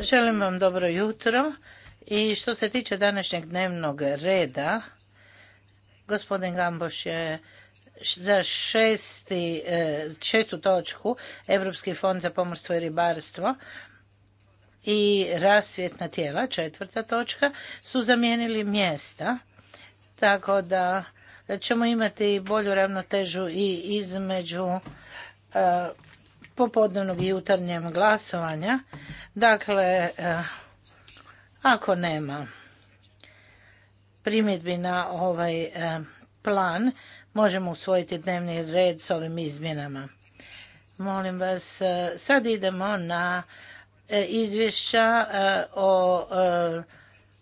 Želim vam dobro jutro i što se tiče današnjeg dnevnog reda, gospodin Gamboš je za šesti, e, šestu točku Europski fond za pomorstvo i ribarstvo i rasvjetna tijela, četvrta točka, su zamijenili mjesta, tako da ćemo imati bolju ravnotežu i između e, popodnevnog i jutarnjem glasovanja. Dakle, e, ako nema primjedbi na ovaj e, plan, možemo usvojiti dnevni red s ovim izmjenama. Molim vas, e, sad idemo na izvješća o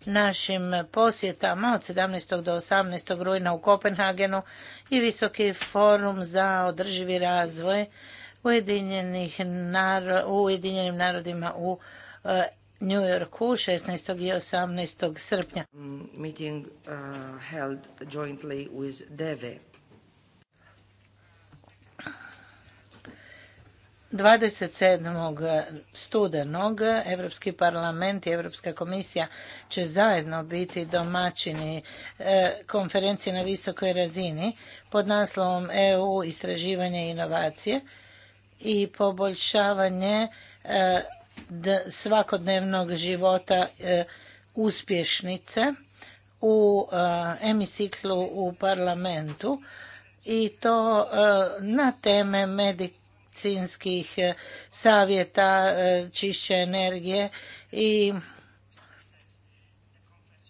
našim posjetama od 17. do 18. rujna u Kopenhagenu i Visoki forum za održivi razvoj Ujedinjenim narodima u e, New Yorku 16. i 18. srpnja. Meeting 27. E, studenog Europski parlament i Europska komisija će zajedno biti domaćini e, konferencije na visokoj razini pod naslovom EU istraživanje i inovacije i poboljšavanje e, svakodnevnog života e, uspješnice u e, emisiklu u parlamentu i to na teme medicinskih savjeta, čišće energije i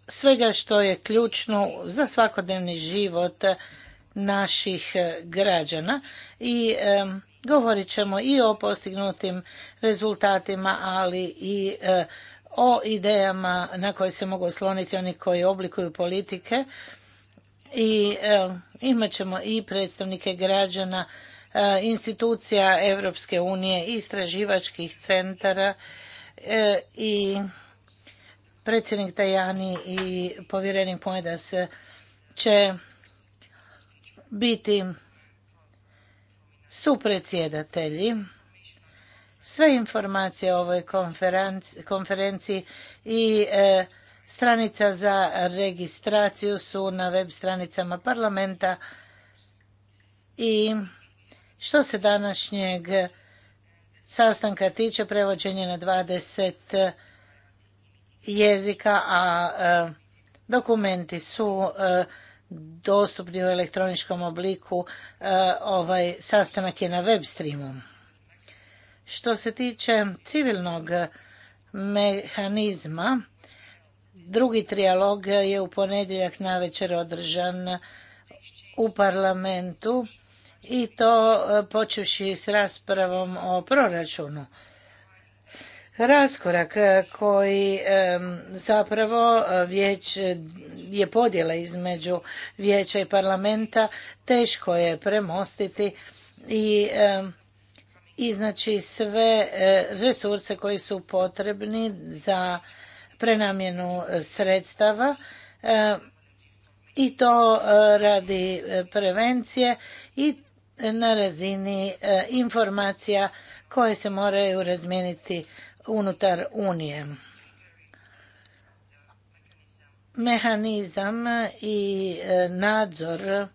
svega što je ključno za svakodnevni život naših građana i Govorit ćemo i o postignutim rezultatima, ali i e, o idejama na koje se mogu osloniti oni koji oblikuju politike. I e, imat ćemo i predstavnike građana, e, institucija Europske unije, istraživačkih centara i predsjednik Tajani i povjerenik se će biti su predsjedatelji. Sve informacije o ovoj konferenciji i e, stranica za registraciju su na web stranicama parlamenta i što se današnjeg sastanka tiče prevođenje na 20 jezika, a e, dokumenti su e, dostupni u elektroničkom obliku, e, ovaj sastanak je na web streamu. Što se tiče civilnog mehanizma, drugi trijalog je u ponedjeljak večer održan u parlamentu i to e, počeši s raspravom o proračunu. Raskorak e, koji zapravo vijeć je podjela između vijeća i parlamenta teško je premostiti i iznaći sve e, resurse koji su potrebni za prenamjenu sredstava e, i to e, radi prevencije i na razini informacija koje se moraju razmijeniti unutar Unije mehanizam i e, nadzor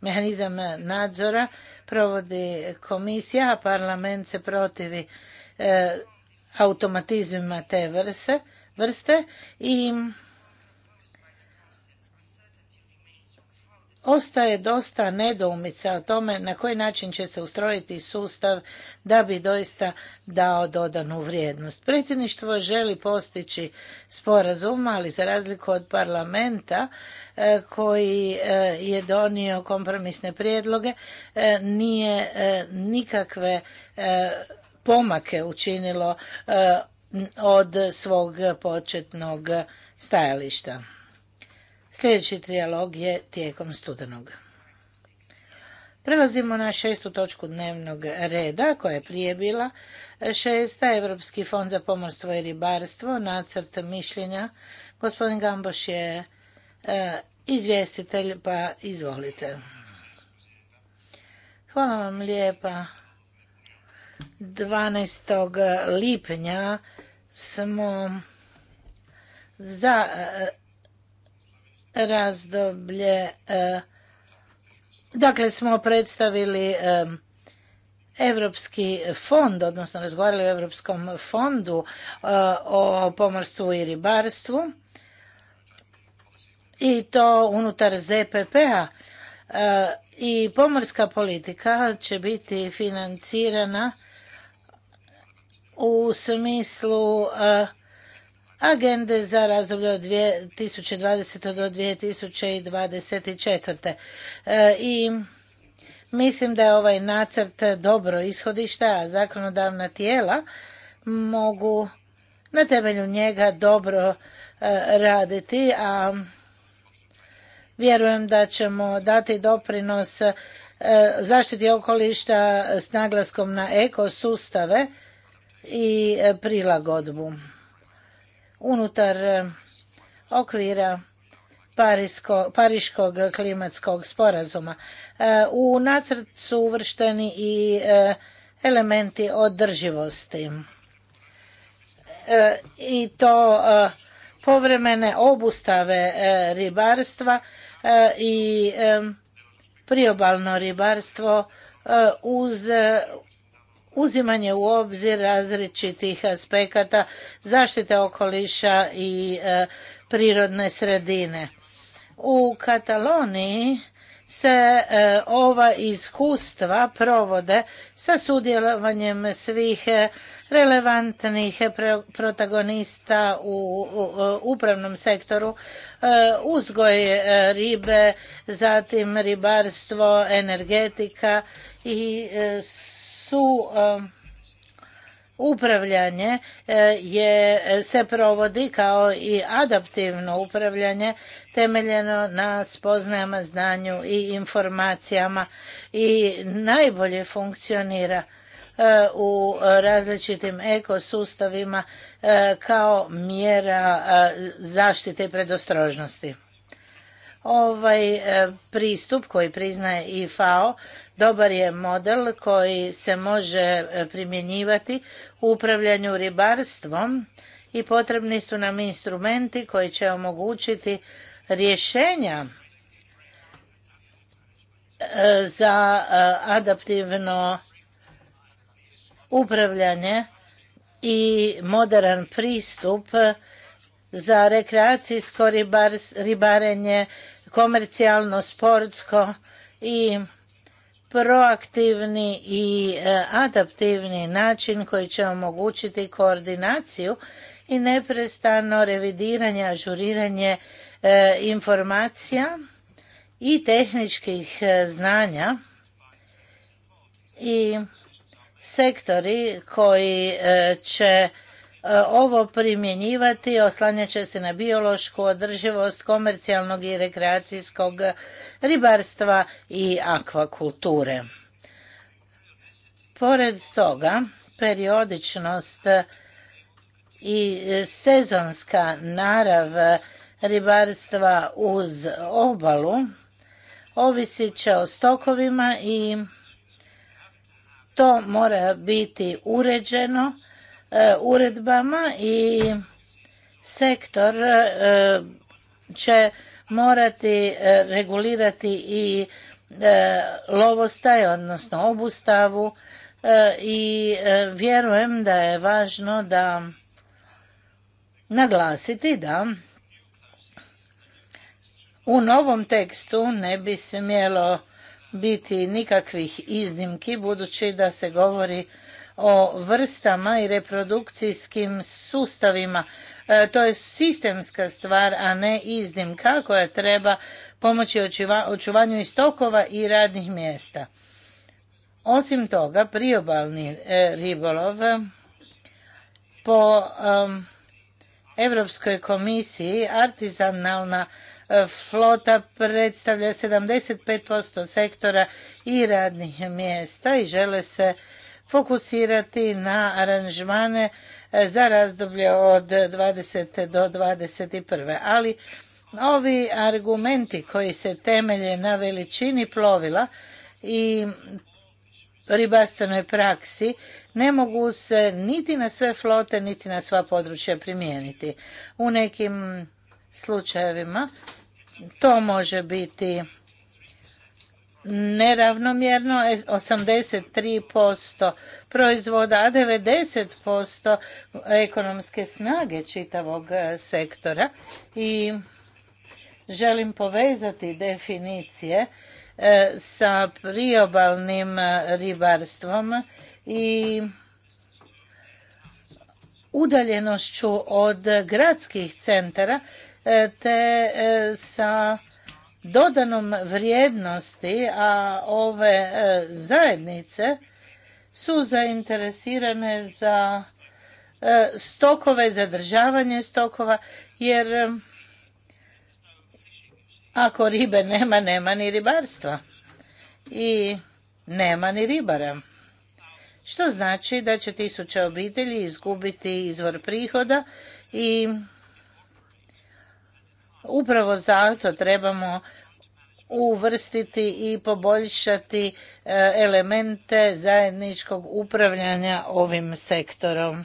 mehanizam nadzora provodi komisija a parlament se protivi e, automatizmima te vrste i Ostaje dosta nedoumica o tome na koji način će se ustrojiti sustav da bi doista dao dodanu vrijednost. Predsjedništvo želi postići sporazum, ali za razliku od parlamenta e, koji e, je donio kompromisne prijedloge, e, nije nikakve pomake učinilo od svog početnog stajališta. Sljedeći trijalog je tijekom studenog. Prelazimo na šestu točku dnevnog reda koja je prije bila. Šesta, Europski fond za pomorstvo i ribarstvo, nacrt mišljenja. Gospodin Gamboš je e, izvjestitelj, pa izvolite. Hvala vam lijepa. 12. lipnja smo za e, razdoblje e, dakle smo predstavili Europski fond, odnosno razgovarali o Europskom fondu e, o pomorstvu i ribarstvu i to unutar ZPP-a e, i pomorska politika će biti financirana u smislu agende za razdoblje od 2020. do 2024. E, I mislim da je ovaj nacrt dobro ishodišta, a zakonodavna tijela mogu na temelju njega dobro e, raditi, a vjerujem da ćemo dati doprinos e, zaštiti okolišta s naglaskom na ekosustave i prilagodbu unutar e, okvira Parisko, Pariškog klimatskog sporazuma. E, u nacrt su uvršteni i e, elementi održivosti. I to povremene obustave ribarstva i priobalno ribarstvo uz uzimanje u obzir različitih aspekata zaštite okoliša i e, prirodne sredine. U Kataloniji se e, ova iskustva provode sa sudjelovanjem svih e, relevantnih protagonista u upravnom sektoru, uzgoj ribe, zatim ribarstvo, energetika i su upravljanje e, je, se provodi kao i adaptivno upravljanje temeljeno na spoznajama, znanju i informacijama i najbolje funkcionira e, u različitim ekosustavima e, kao mjera zaštite i predostrožnosti. Ovaj e, pristup koji priznaje i FAO dobar je model koji se može e, primjenjivati u upravljanju ribarstvom i potrebni su nam instrumenti koji će omogućiti rješenja e, za adaptivno upravljanje i moderan pristup za rekreacijsko ribarenje komercijalno, sportsko i proaktivni i e, adaptivni način koji će omogućiti koordinaciju i neprestano revidiranje, ažuriranje e, informacija i tehničkih e, znanja i sektori koji će ovo primjenjivati će se na biološku održivost komercijalnog i rekreacijskog ribarstva i akvakulture. Pored toga, periodičnost i sezonska narav ribarstva uz obalu ovisit će o stokovima i to mora biti uređeno E, uredbama i sektor e, e, će morati regulirati i lovostaj, odnosno obustavu i vjerujem da je važno da naglasiti da u novom tekstu ne bi smjelo biti nikakvih iznimki budući da se govori o vrstama i reprodukcijskim sustavima. E, to je sistemska stvar, a ne iznimka koja treba pomoći očuvanju istokova stokova i radnih mjesta. Osim toga, priobalni e, ribolov po um, Europskoj komisiji artizanalna e, flota predstavlja 75% sektora i radnih mjesta i žele se fokusirati na aranžmane e, za razdoblje od 20. do 21. Ali ovi argumenti koji se temelje na veličini plovila i ribarstvenoj praksi ne mogu se niti na sve flote niti na sva područja primijeniti. U nekim slučajevima to može biti neravnomjerno 83% e, proizvoda, a 90% ekonomske snage čitavog e, sektora i želim povezati definicije e, sa priobalnim ribarstvom i udaljenošću od gradskih centara te sa dodanom vrijednosti, a ove e, zajednice su zainteresirane za e, stokove, zadržavanje stokova, jer e, ako ribe nema, nema ni ribarstva i nema ni ribara. Što znači da će tisuće obitelji izgubiti izvor prihoda i upravo zato trebamo uvrstiti i poboljšati e, elemente zajedničkog upravljanja ovim sektorom.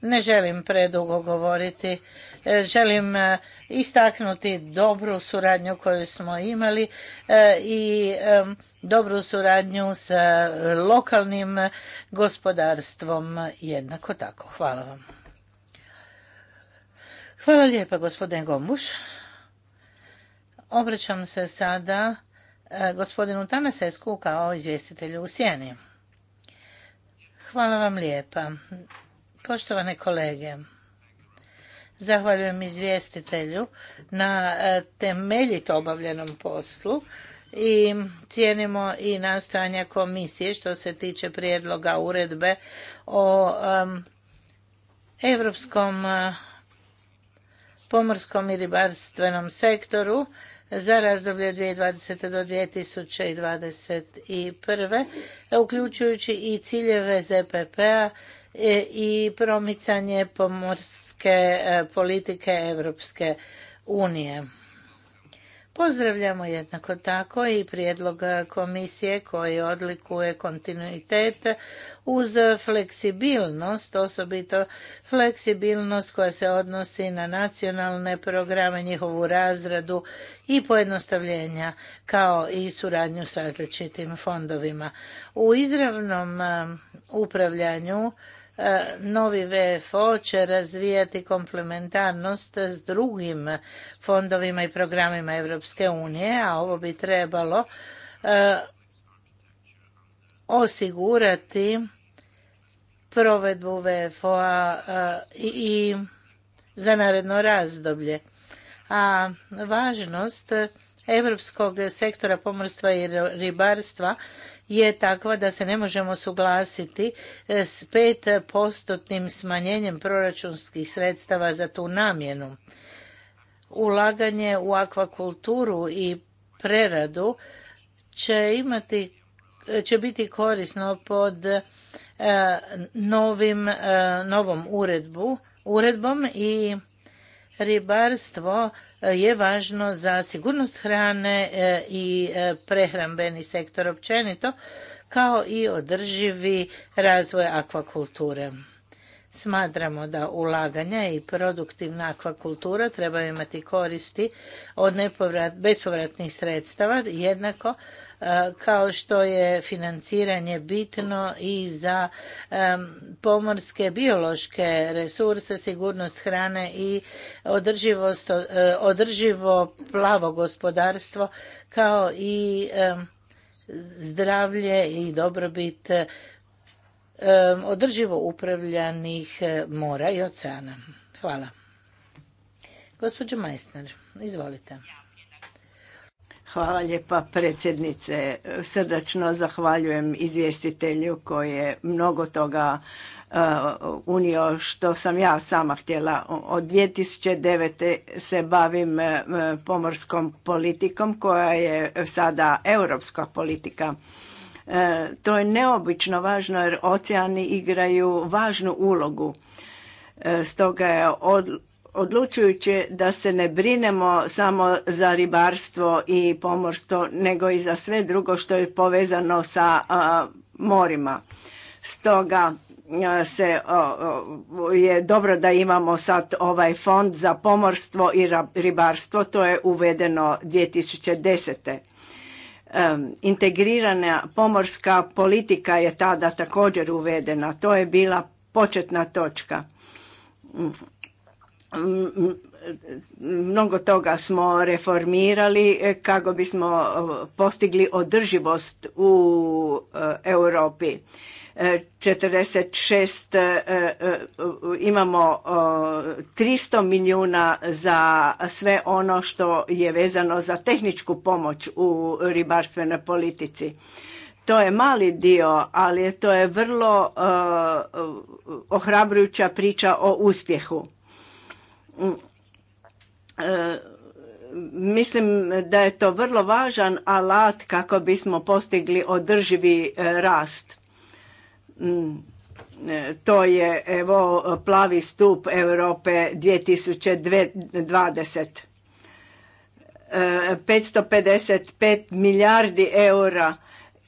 Ne želim predugo govoriti. E, želim e, istaknuti dobru suradnju koju smo imali i dobru suradnju sa lokalnim gospodarstvom jednako tako. Hvala vam. Hvala lijepa gospodine Gombuš. Obraćam se sada e, gospodinu Tanasesku kao izvjestitelju u Sjeni. Hvala vam lijepa. Poštovane kolege, zahvaljujem izvjestitelju na e, temeljito obavljenom poslu i cijenimo i nastojanja komisije što se tiče prijedloga uredbe o europskom e, pomorskom i ribarstvenom sektoru za razdoblje 2020. do 2021. uključujući i ciljeve ZPP-a e, i promicanje pomorske e, politike Europske unije. Pozdravljamo jednako tako i prijedlog komisije koji odlikuje kontinuitet uz fleksibilnost, osobito fleksibilnost koja se odnosi na nacionalne programe, njihovu razradu i pojednostavljenja kao i suradnju s različitim fondovima. U izravnom um, upravljanju E, novi VFO će razvijati komplementarnost s drugim fondovima i programima Europske unije, a ovo bi trebalo e, osigurati provedbu VFO-a e, i za naredno razdoblje. A važnost europskog sektora pomorstva i ribarstva je takva da se ne možemo suglasiti e, s postotnim smanjenjem proračunskih sredstava za tu namjenu. Ulaganje u akvakulturu i preradu će imati će biti korisno pod e, e, novom uredbom i ribarstvo e, je važno za sigurnost hrane e, i e, prehrambeni sektor općenito, kao i održivi razvoj akvakulture. Smatramo da ulaganja i produktivna akvakultura trebaju imati koristi od bespovratnih sredstava jednako kao što je financiranje bitno i za pomorske biološke resurse, sigurnost hrane i e, održivo plavo gospodarstvo kao i zdravlje i dobrobit održivo upravljanih e, mora i oceana. Hvala. Gospođo Majsner, izvolite. Hvala lijepa predsjednice. Srdačno zahvaljujem izvjestitelju koji je mnogo toga uh, unio što sam ja sama htjela. Od 2009. se bavim uh, pomorskom politikom koja je sada europska politika. Uh, to je neobično važno jer oceani igraju važnu ulogu. Stoga je od, odlučujuće da se ne brinemo samo za ribarstvo i pomorstvo, nego i za sve drugo što je povezano sa morima. Stoga se je dobro da imamo sad ovaj fond za pomorstvo i ribarstvo, to je uvedeno 2010. integrirana pomorska politika je tada također uvedena. To je bila početna točka. Mm, mm, mnogo toga smo reformirali e, kako bismo e, postigli održivost u e, Europi. 46 imamo 300 milijuna za sve ono što je vezano za tehničku pomoć u ribarstvenoj politici. To je mali dio, ali to je vrlo ohrabrujuća priča o uspjehu Mm. E, mislim da je to vrlo važan alat kako bismo postigli održivi e, rast. Mm. E, to je evo plavi stup Europe 2020. 555 milijardi eura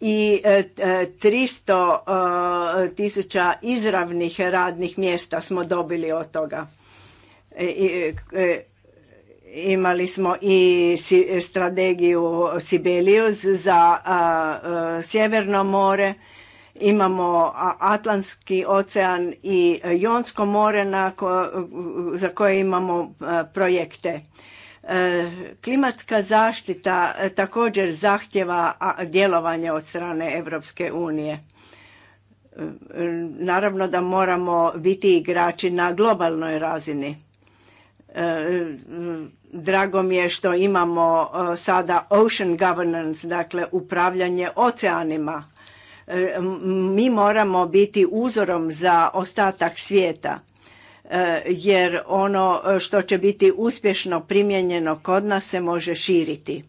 i 300 tisuća izravnih radnih mjesta smo dobili od toga. E, e, imali smo i strategiju Sibelius za Sjeverno more, imamo Atlantski ocean i Jonsko more na za koje imamo projekte. E, klimatska zaštita također zahtjeva djelovanje od strane Europske unije. Naravno da moramo biti igrači na globalnoj razini Drago mi je što imamo e, sada ocean governance, dakle upravljanje oceanima. E, mi moramo biti uzorom za ostatak svijeta e, jer ono što će biti uspješno primijenjeno kod nas se može širiti.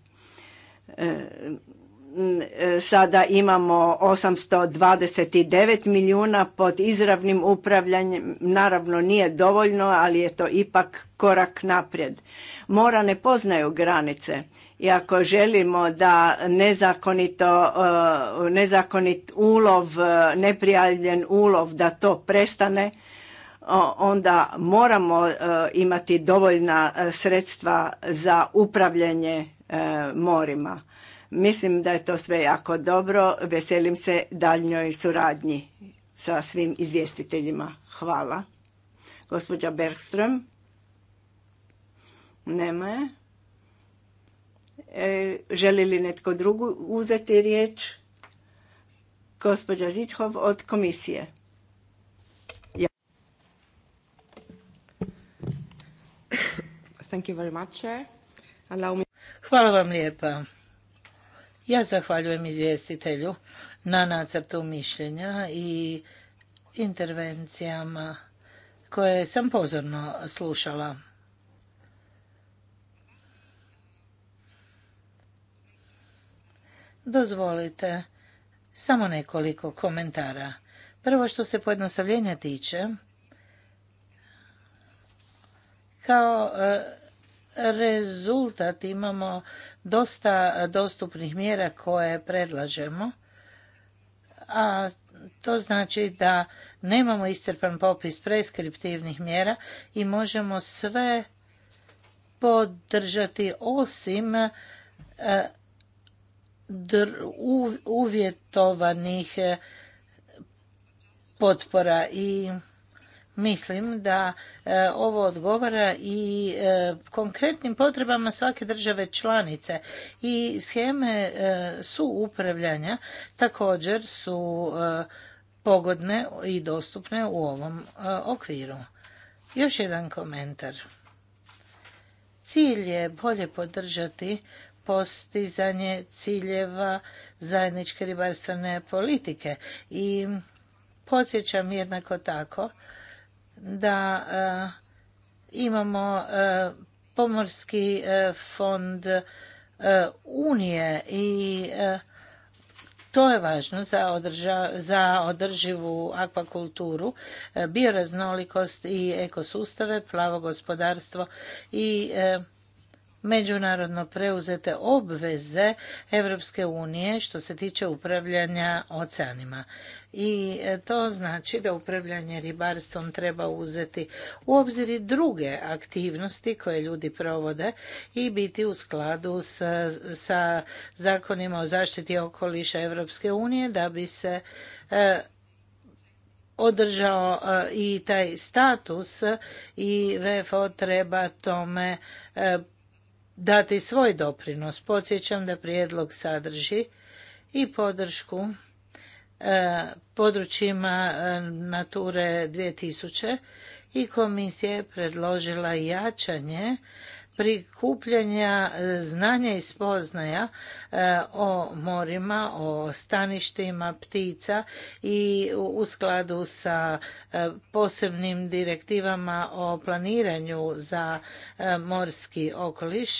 E, sada imamo 829 milijuna pod izravnim upravljanjem. Naravno nije dovoljno, ali je to ipak korak naprijed. Mora ne poznaju granice. I ako želimo da nezakonito, e, nezakonit ulov, e, neprijavljen ulov, da to prestane, onda moramo imati dovoljna sredstva za upravljanje morima Mislim da je to sve jako dobro. Veselim se daljnjoj suradnji sa svim izvjestiteljima. Hvala. Gospođa Bergström? Nema je. E, želi li netko drugu uzeti riječ? Gospođa Zithov od komisije. Hvala vam lijepa. Ja zahvaljujem izvjestitelju na nacrtu mišljenja i intervencijama koje sam pozorno slušala. Dozvolite samo nekoliko komentara. Prvo što se pojednostavljenja tiče, kao e, rezultat imamo dosta dostupnih mjera koje predlažemo, a to znači da nemamo iscrpan popis preskriptivnih mjera i možemo sve podržati osim e, uvjetovanih e, potpora i Mislim da e, ovo odgovara i e, konkretnim potrebama svake države članice i sheme e, su upravljanja također su pogodne i dostupne u ovom okviru. Još jedan komentar. Cilj je bolje podržati postizanje ciljeva zajedničke ribarstvene politike i podsjećam jednako tako da e, imamo e, pomorski e, fond unije i to je važno za, za održivu akvakulturu, bioraznolikost i ekosustave, plavo gospodarstvo i međunarodno preuzete obveze Evropske unije što se tiče upravljanja oceanima i e, to znači da upravljanje ribarstvom treba uzeti u obzir i druge aktivnosti koje ljudi provode i biti u skladu sa, zakonima o zaštiti okoliša Europske unije da bi se e, održao e, i taj status i VFO treba tome dati svoj doprinos. Podsjećam da prijedlog sadrži i podršku E, područjima e, Nature 2000 i komisija je predložila jačanje prikupljanja e, znanja i spoznaja o morima, o staništima ptica i u skladu sa posebnim direktivama o planiranju za morski okoliš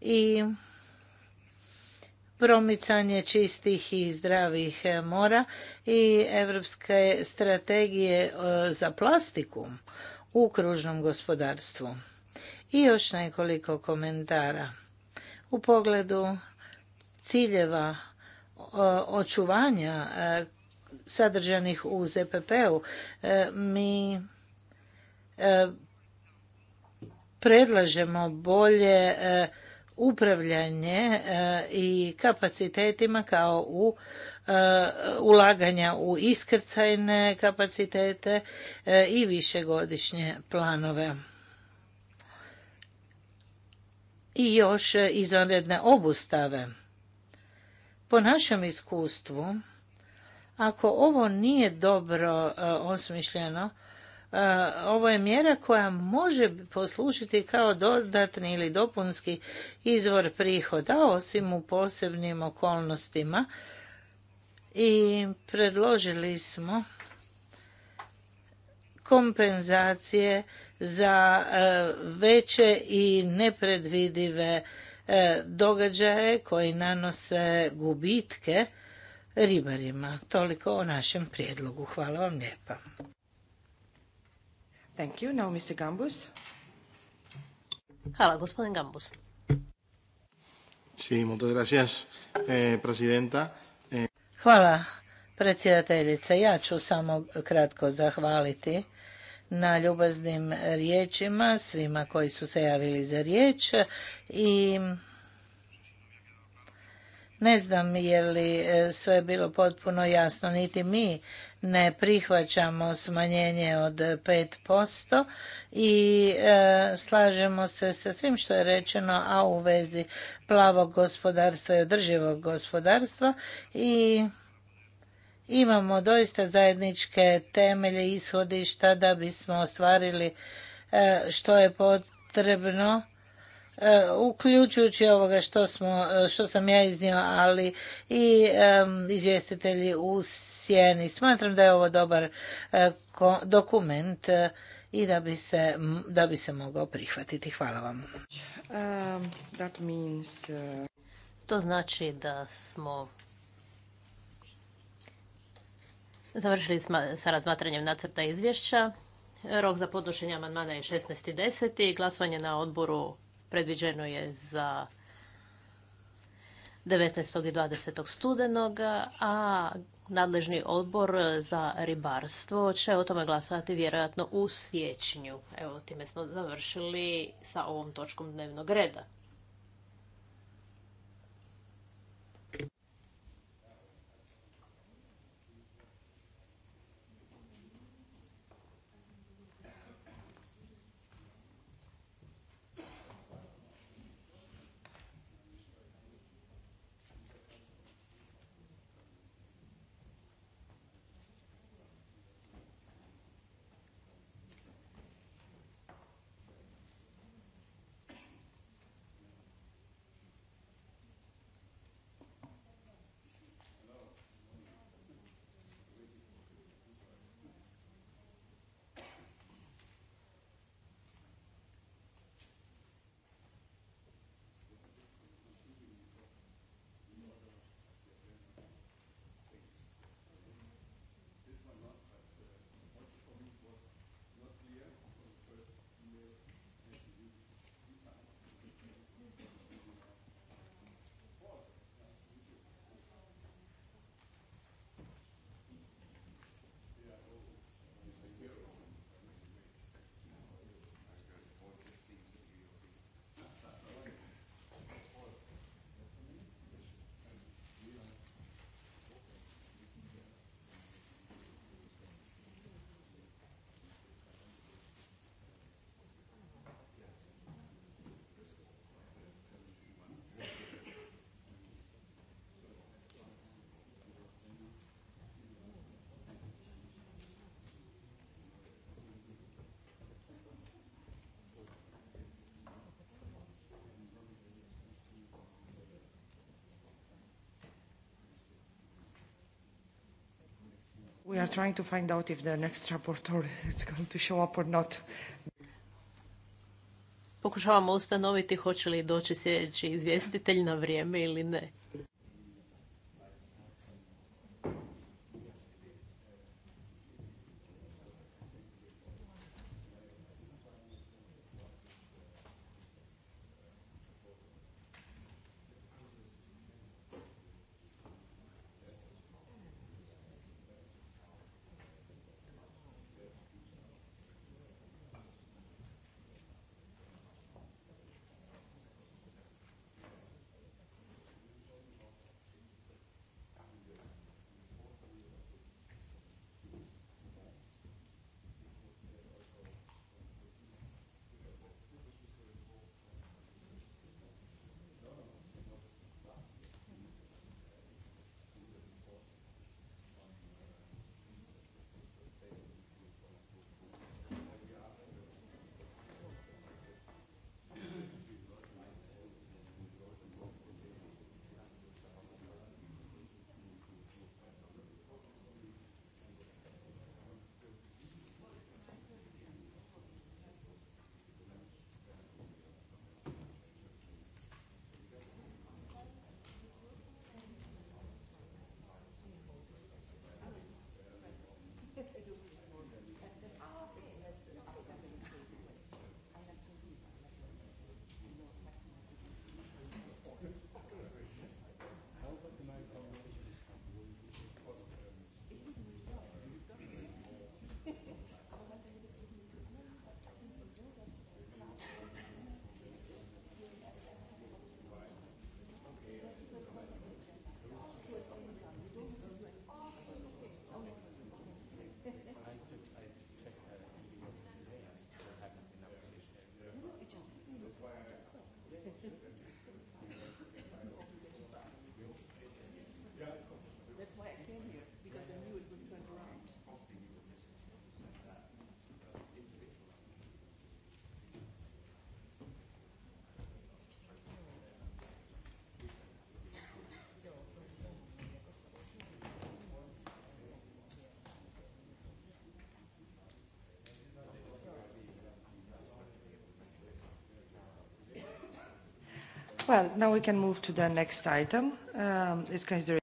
i promicanje čistih i zdravih e, mora i Europske strategije e, za plastiku u kružnom gospodarstvu. I još nekoliko komentara. U pogledu ciljeva e, očuvanja sadržanih u ZPP-u mi predlažemo bolje upravljanje e, i kapacitetima kao u e, ulaganja u iskrcajne kapacitete e, i višegodišnje planove. I još izvanredne obustave. Po našem iskustvu, ako ovo nije dobro osmišljeno, ovo je mjera koja može poslužiti kao dodatni ili dopunski izvor prihoda, osim u posebnim okolnostima. I predložili smo kompenzacije za e, veće i nepredvidive e, događaje koji nanose gubitke ribarima. Toliko o našem prijedlogu. Hvala vam lijepa. Thank you. Now Mr. Hvala, eh, eh, Hvala, predsjedateljice. Ja ću samo kratko zahvaliti na ljubaznim riječima svima koji su se javili za riječ i ne znam je li eh, sve bilo potpuno jasno, niti mi ne prihvaćamo smanjenje od 5% i e, slažemo se sa svim što je rečeno, a u vezi plavog gospodarstva i održivog gospodarstva i imamo doista zajedničke temelje ishodišta da bismo ostvarili e, što je potrebno E, uključujući ovoga što, smo, e, što sam ja iznio, ali i e, izvjestitelji u sjeni. Smatram da je ovo dobar dokument i da bi se, da bi se mogao prihvatiti. Hvala vam. Um, that means, uh, To znači da smo završili sa razmatranjem nacrta izvješća. Rok za podnošenje amandmana je 16.10. Glasovanje na odboru predviđeno je za 19. i 20. studenog, a nadležni odbor za ribarstvo će o tome glasovati vjerojatno u siječnju. Evo, time smo završili sa ovom točkom dnevnog reda. We are trying to find out if the next rapporteur is going to show up or not. Pokušavamo ustanoviti hoće li doći sljedeći izvjestitelj na vrijeme ili ne.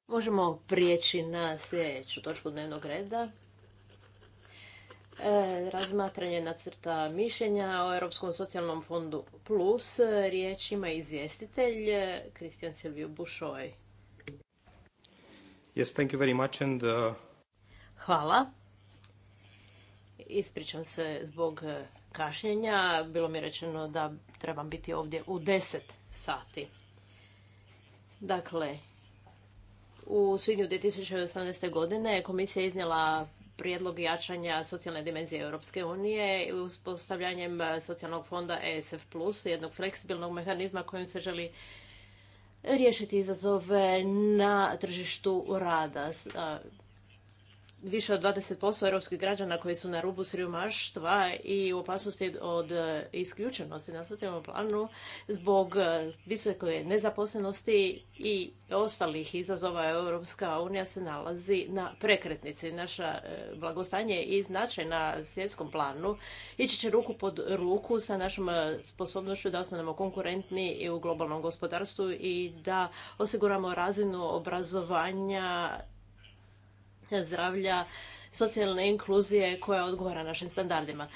Možemo prijeći na sljedeću točku dnevnog reda. E, razmatranje nacrta mišljenja o Europskom socijalnom fondu plus. Riječ ima izvjestitelj Kristijan e, Silvio Bušoj. Uh, Hvala. Ispričam se zbog e, kašnjenja. Bilo mi je rečeno da trebam biti ovdje u deset sati. Dakle, u svibnju 2018. godine komisija je iznijela prijedlog jačanja socijalne dimenzije Europske unije uspostavljanjem socijalnog fonda ESF+, jednog fleksibilnog mehanizma kojim se želi riješiti izazove na tržištu rada više od 20% europskih građana koji su na rubu siromaštva i u opasnosti od e, isključenosti na socijalnom planu zbog e, visoke nezaposlenosti i ostalih izazova Europska unija se nalazi na prekretnici. Naša e, blagostanje i značaj na svjetskom planu ići će ruku pod ruku sa našom sposobnošću da ostanemo konkurentni i u globalnom gospodarstvu i da osiguramo razinu obrazovanja zdravlja, socijalne inkluzije koja odgovara našim standardima.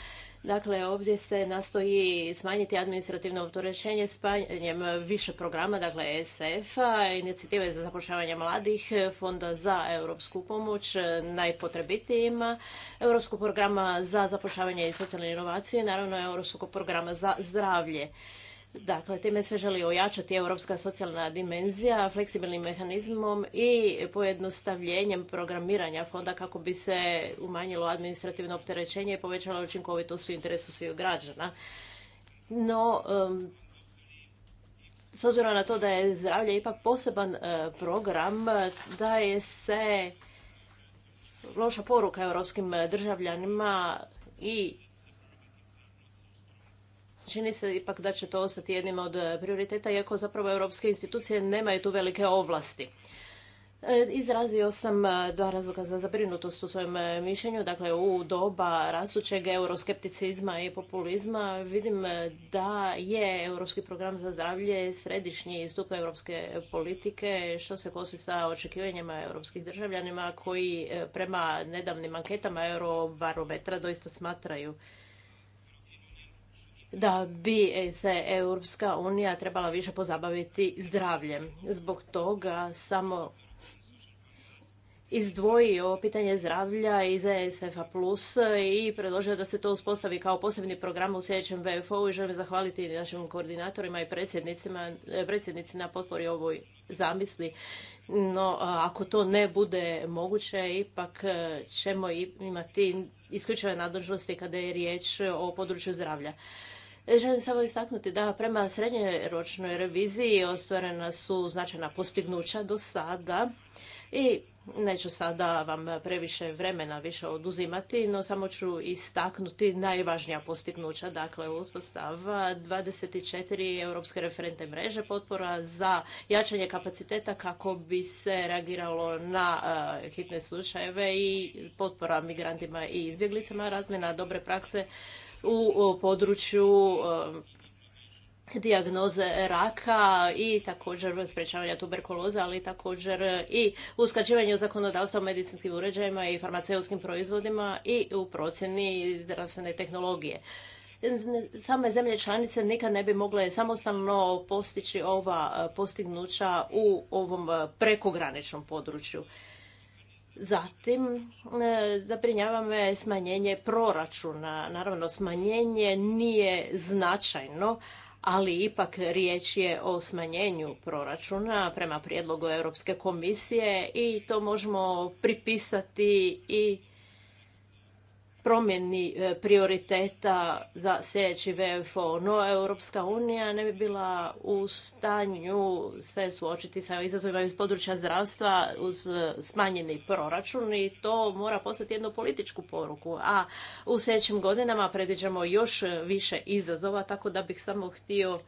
Dakle, ovdje se nastoji smanjiti administrativno opterećenje spajanjem više programa, dakle ESF-a, inicijative za zapošljavanje mladih, Fonda za europsku pomoć najpotrebitijima, Europskog programa za zapošljavanje i socijalne inovacije, naravno Europskog programa za zdravlje. Dakle, time se želi ojačati europska socijalna dimenzija fleksibilnim mehanizmom i pojednostavljenjem programiranja fonda kako bi se umanjilo administrativno opterećenje i povećala učinkovitost u interesu svih građana. No, s obzirom na to da je zdravlje ipak poseban e, program, program, je se loša poruka europskim državljanima i Čini se ipak da će to ostati jednim od e, prioriteta, iako zapravo europske institucije nemaju tu velike ovlasti. E, izrazio sam e, dva razloga za zabrinutost u svojem mišljenju. Dakle, u doba rasućeg euroskepticizma i populizma vidim da je Europski program za zdravlje središnji stup europske politike, što se kosi sa očekivanjima europskih državljanima koji prema nedavnim anketama Eurobarometra doista smatraju da bi se Europska unija trebala više pozabaviti zdravljem. Zbog toga samo izdvojio pitanje zdravlja iz ESF-a Plus i predložio da se to uspostavi kao posebni program u sljedećem VFO-u i želim zahvaliti našim koordinatorima i predsjednici na potpori ovoj zamisli. No, ako to ne bude moguće, ipak e, ćemo imati isključive nadležnosti kada je riječ o području zdravlja. Želim samo istaknuti da prema srednjeročnoj reviziji ostvarena su značajna postignuća do sada i neću sada vam previše vremena više oduzimati, no samo ću istaknuti najvažnija postignuća, dakle uspostava 24 europske referente mreže potpora za jačanje kapaciteta kako bi se reagiralo na e, hitne slučajeve i potpora migrantima i izbjeglicama, razmjena dobre prakse u području um, dijagnoze raka i također sprečavanja tuberkuloze, ali također i uskačivanje zakonodavstva o medicinskim uređajima i farmaceutskim proizvodima i u procjeni zdravstvene tehnologije. Same zemlje članice nikad ne bi mogle samostalno postići ova uh, postignuća u ovom uh, prekograničnom području. Zatim, e, zabrinjava me smanjenje proračuna. Naravno, smanjenje nije značajno, ali ipak riječ je o smanjenju proračuna prema prijedlogu Europske komisije i to možemo pripisati i promjeni e, prioriteta za sljedeći VFO, no Europska unija ne bi bila u stanju se suočiti sa izazovima iz područja zdravstva uz smanjeni proračun i to mora postati jednu političku poruku. A u sljedećim godinama predviđamo još više izazova, tako da bih samo htio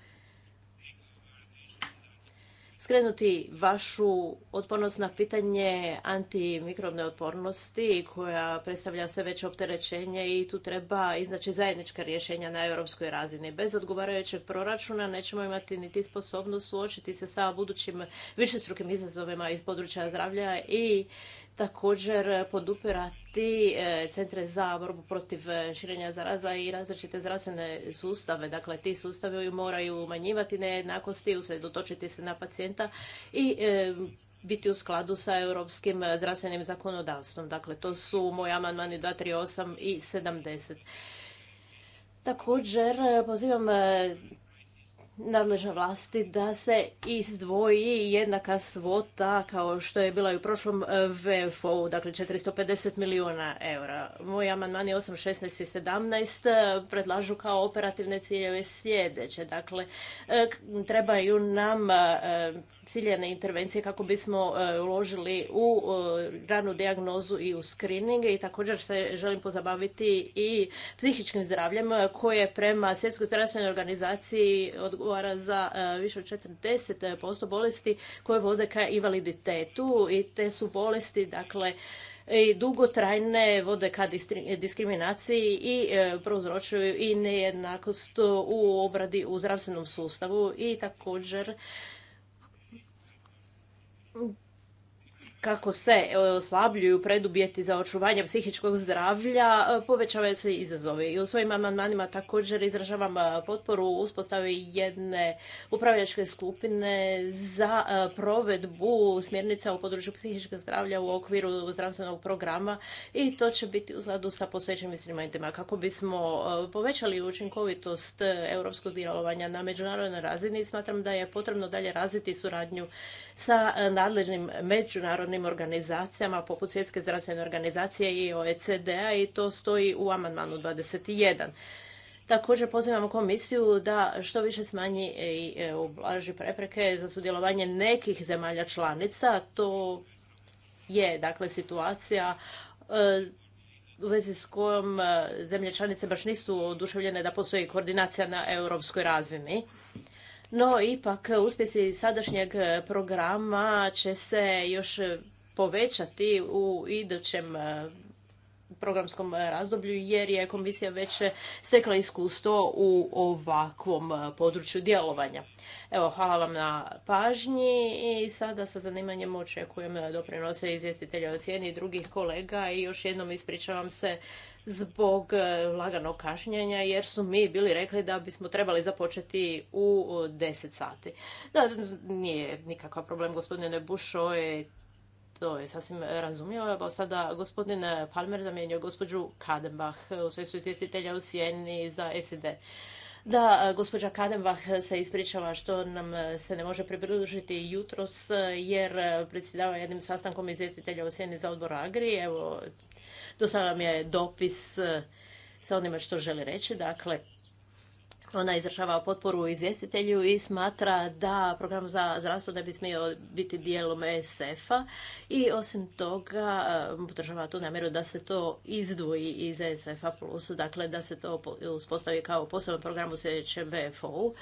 skrenuti vašu otpornost na pitanje antimikrobne otpornosti koja predstavlja sve veće opterećenje i tu treba iznaći zajednička rješenja na europskoj razini. Bez odgovarajućeg proračuna nećemo imati niti sposobnost suočiti se sa budućim višestrukim izazovima iz područja zdravlja i također podupirati e, centre za borbu protiv e, širenja zaraza i različite zdravstvene sustave. Dakle, ti sustavi moraju umanjivati nejednakosti, usredotočiti se na pacijenta i e, biti u skladu sa europskim zdravstvenim zakonodavstvom. Dakle, to su moji amandmani 238 i 70. Također, pozivam nadležne vlasti da se izdvoji jednaka svota kao što je bila i u prošlom e, vfo dakle 450 milijuna eura. Moji amandmani 8, 16 i 17 e, predlažu kao operativne ciljeve sljedeće. Dakle, e, trebaju nam ciljene intervencije kako bismo e, uložili u e, ranu dijagnozu i u screening i također se želim pozabaviti i psihičkim zdravljem e, koje prema Svjetskoj zdravstvenoj organizaciji odgovara za više od 40% bolesti koje vode ka invaliditetu i te su bolesti dakle i dugotrajne vode ka diskriminaciji i prouzročuju i nejednakost u obradi u zdravstvenom sustavu i također kako se e, oslabljuju predubjeti za očuvanje psihičkog zdravlja, e, povećavaju se izazovi. I u svojim amandmanima također izražavam e, potporu uspostavi jedne upravljačke skupine za provedbu smjernica u području psihičkog zdravlja u okviru zdravstvenog programa i to će biti u skladu sa postojećim instrumentima kako bismo povećali učinkovitost europskog djelovanja na međunarodnoj razini. Smatram da je potrebno dalje razviti suradnju sa e, nadležnim međunarodnim organizacijama poput Svjetske zdravstvene organizacije i OECD-a i to stoji u amandmanu 21. Također pozivamo komisiju da što više smanji i e, ublaži prepreke za sudjelovanje nekih zemalja članica. To je dakle situacija e, u vezi s kojom zemlje članice baš nisu oduševljene da postoji koordinacija na europskoj razini. No, ipak, uspjesi sadašnjeg programa će se još povećati u idućem e, programskom razdoblju jer je komisija već stekla iskustvo u ovakvom području djelovanja. Evo, hvala vam na pažnji i sada sa zanimanjem očekujem doprinose izvjestitelja o sjeni i drugih kolega i još jednom ispričavam se zbog e, laganog kašnjenja jer su mi bili rekli da bismo trebali započeti u 10 sati. Da, nije nikakav problem gospodine je to je sasvim razumio. sada gospodin Palmer zamijenio gospođu Kadenbach u su izvjestitelja u sjeni za SED. Da, gospođa Kadenbach se ispričava što nam se ne može približiti jutros jer predsjedava jednim sastankom izvjestitelja u Sjeni za odbor Agri. Evo, do sada vam je dopis e, sa onime što želi reći. Dakle, ona izražava potporu izvjestitelju i smatra da program za zdravstvo ne bi smio biti dijelom ESF-a i osim toga e, podržava tu namjeru da se to izdvoji iz ESF-a plus, dakle da se to uspostavi kao poseban program u sljedećem BFO-u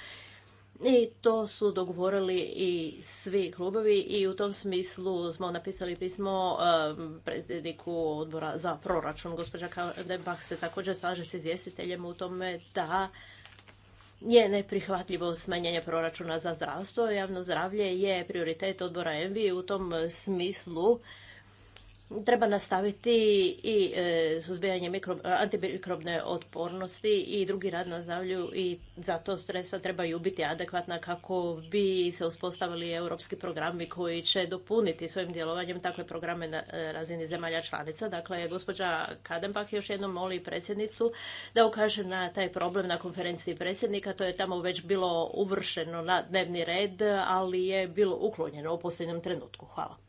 i to su dogovorili i svi klubovi i u tom smislu smo napisali pismo predsjedniku odbora za proračun. Gospođa Kadebach se također slaže s izvjestiteljem u tome da je neprihvatljivo smanjenje proračuna za zdravstvo. Javno zdravlje je prioritet odbora ENVI u tom smislu Treba nastaviti i e, suzbijanje mikro, antimikrobne otpornosti i drugi rad na zdravlju i za to stresa trebaju biti adekvatna kako bi se uspostavili europski programi koji će dopuniti svojim djelovanjem takve programe na e, razini zemalja članica. Dakle, gospođa Kadenbach još jednom moli predsjednicu da ukaže na taj problem na konferenciji predsjednika. To je tamo već bilo uvršeno na dnevni red, ali je bilo uklonjeno u posljednjem trenutku. Hvala.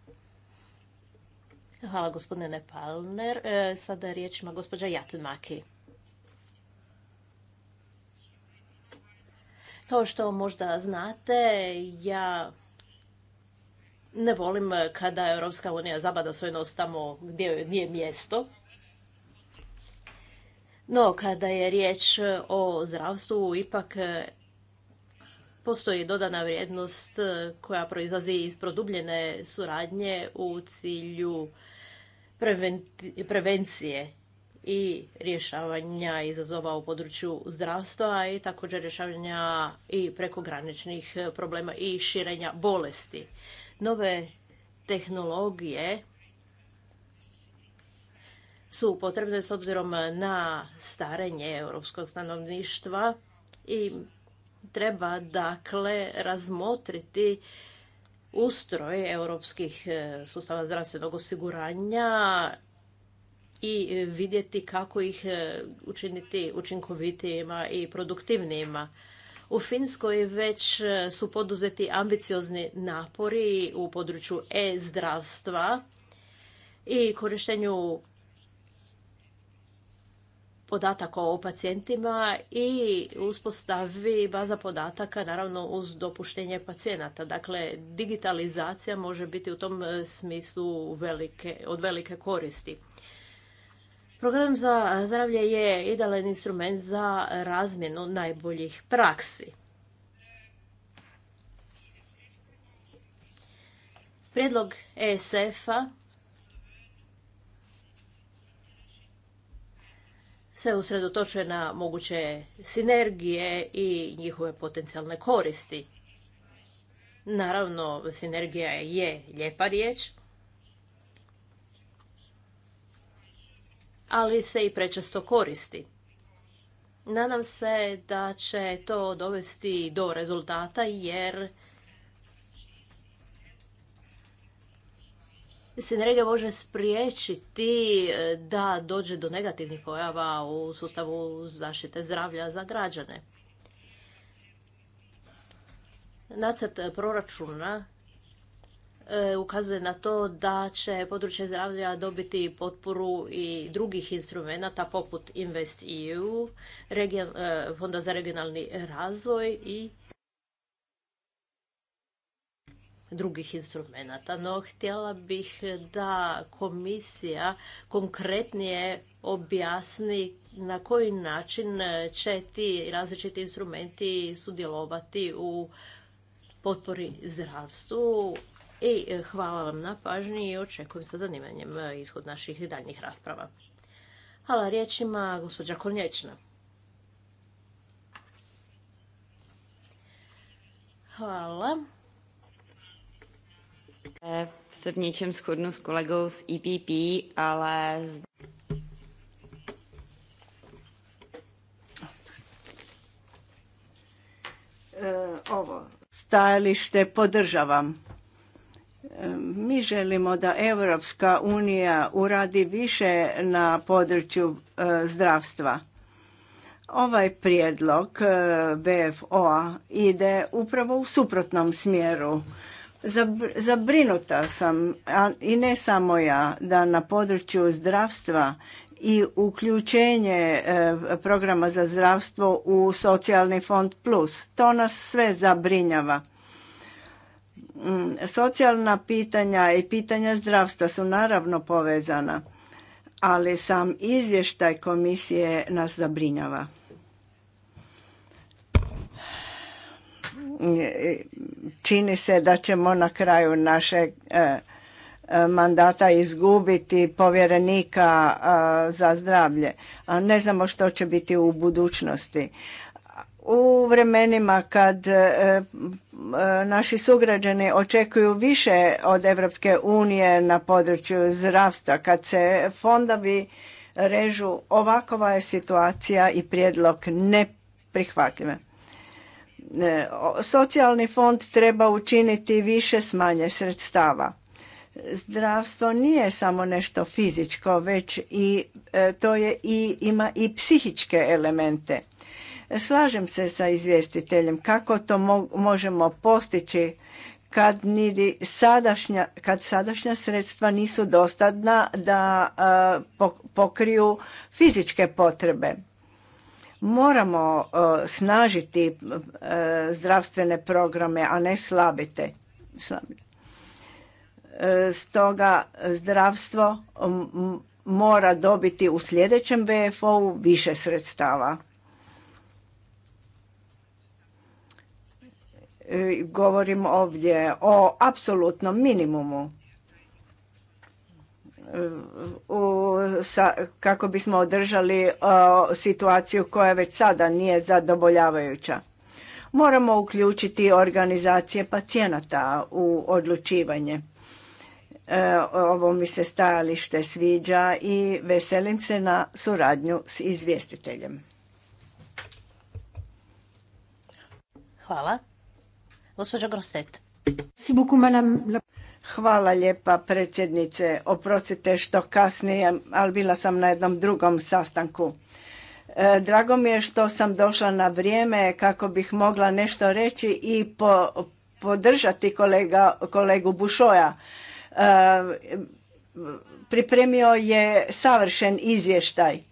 Hvala gospodine Palmer. E, sada riječ ima gospođa maki Kao što možda znate, ja ne volim kada Europska unija zabada svoj nos tamo gdje nije mjesto. No, kada je riječ o zdravstvu, ipak postoji dodana vrijednost koja proizlazi iz produbljene suradnje u cilju prevencije i rješavanja izazova u području zdravstva i također rješavanja i prekograničnih problema i širenja bolesti. Nove tehnologije su potrebne s obzirom na starenje europskog stanovništva i treba dakle razmotriti ustroj europskih e, sustava zdravstvenog osiguranja i vidjeti kako ih e, učiniti učinkovitijima i produktivnijima. U Finskoj već e, su poduzeti ambiciozni napori u području e-zdravstva i korištenju podataka o pacijentima i uspostavi baza podataka, naravno uz dopuštenje pacijenata. Dakle, digitalizacija može biti u tom e, smislu velike, od velike koristi. Program za zdravlje je idealan instrument za razmjenu najboljih praksi. Prijedlog ESF-a se usredotočuje na moguće sinergije i njihove potencijalne koristi. Naravno, sinergija je lijepa riječ, ali se i prečesto koristi. Nadam se da će to dovesti do rezultata jer sinergija može spriječiti e, da dođe do negativnih pojava u sustavu zaštite zdravlja za građane. Nacrt proračuna e, ukazuje na to da će područje zdravlja dobiti potporu i drugih instrumenata poput InvestEU, e, Fonda za regionalni razvoj i drugih instrumenata. No, htjela bih da komisija konkretnije objasni na koji način će ti različiti instrumenti sudjelovati u potpori zdravstvu. I hvala vam na pažnji i očekujem sa zanimanjem ishod naših daljnjih rasprava. Hvala riječima gospođa Konječna. Hvala. Eh, se v něčem shodnu s kolegou z EPP, ale... Eh, ovo stajalište podržavam. Eh, mi želimo da Europska unija uradi više na području zdravstva. Ovaj prijedlog bfo ide upravo u suprotnom smjeru Zabrinuta sam, a i ne samo ja, da na području zdravstva i uključenje e, programa za zdravstvo u socijalni fond plus. To nas sve zabrinjava. Mm, socijalna pitanja i pitanja zdravstva su naravno povezana, ali sam izvještaj komisije nas zabrinjava. Čini se da ćemo na kraju našeg e, e, mandata izgubiti povjerenika e, za zdravlje, a ne znamo što će biti u budućnosti. U vremenima kad naši sugrađani očekuju više od Europske unije na području zdravstva, kad se fondovi režu, ovakova je situacija i prijedlog neprihvatljiva. E, socijalni fond treba učiniti više s manje sredstava. Zdravstvo nije samo nešto fizičko, već i e, to je i ima i psihičke elemente. Slažem se sa izvjestiteljem kako to možemo postići kad nidi sadašnja, kad sadašnja sredstva nisu dostatna da e, pokriju fizičke potrebe. Moramo e, snažiti e, zdravstvene programe, a ne slabite. E, stoga zdravstvo mora dobiti u sljedećem BFO-u više sredstava. Govorim ovdje o apsolutnom minimumu u, kako bismo održali o, e, situaciju koja već sada nije zadovoljavajuća. Moramo uključiti organizacije pacijenata u odlučivanje. E, ovo mi se stajalište sviđa i veselim se na suradnju s izvjestiteljem. Hvala. Gospođo Grosset. Hvala lijepa predsjednice. Oprostite što kasnije, ali bila sam na jednom drugom sastanku. E, drago mi je što sam došla na vrijeme kako bih mogla nešto reći i podržati kolega, kolegu Bušoja. E, pripremio je savršen izvještaj. E,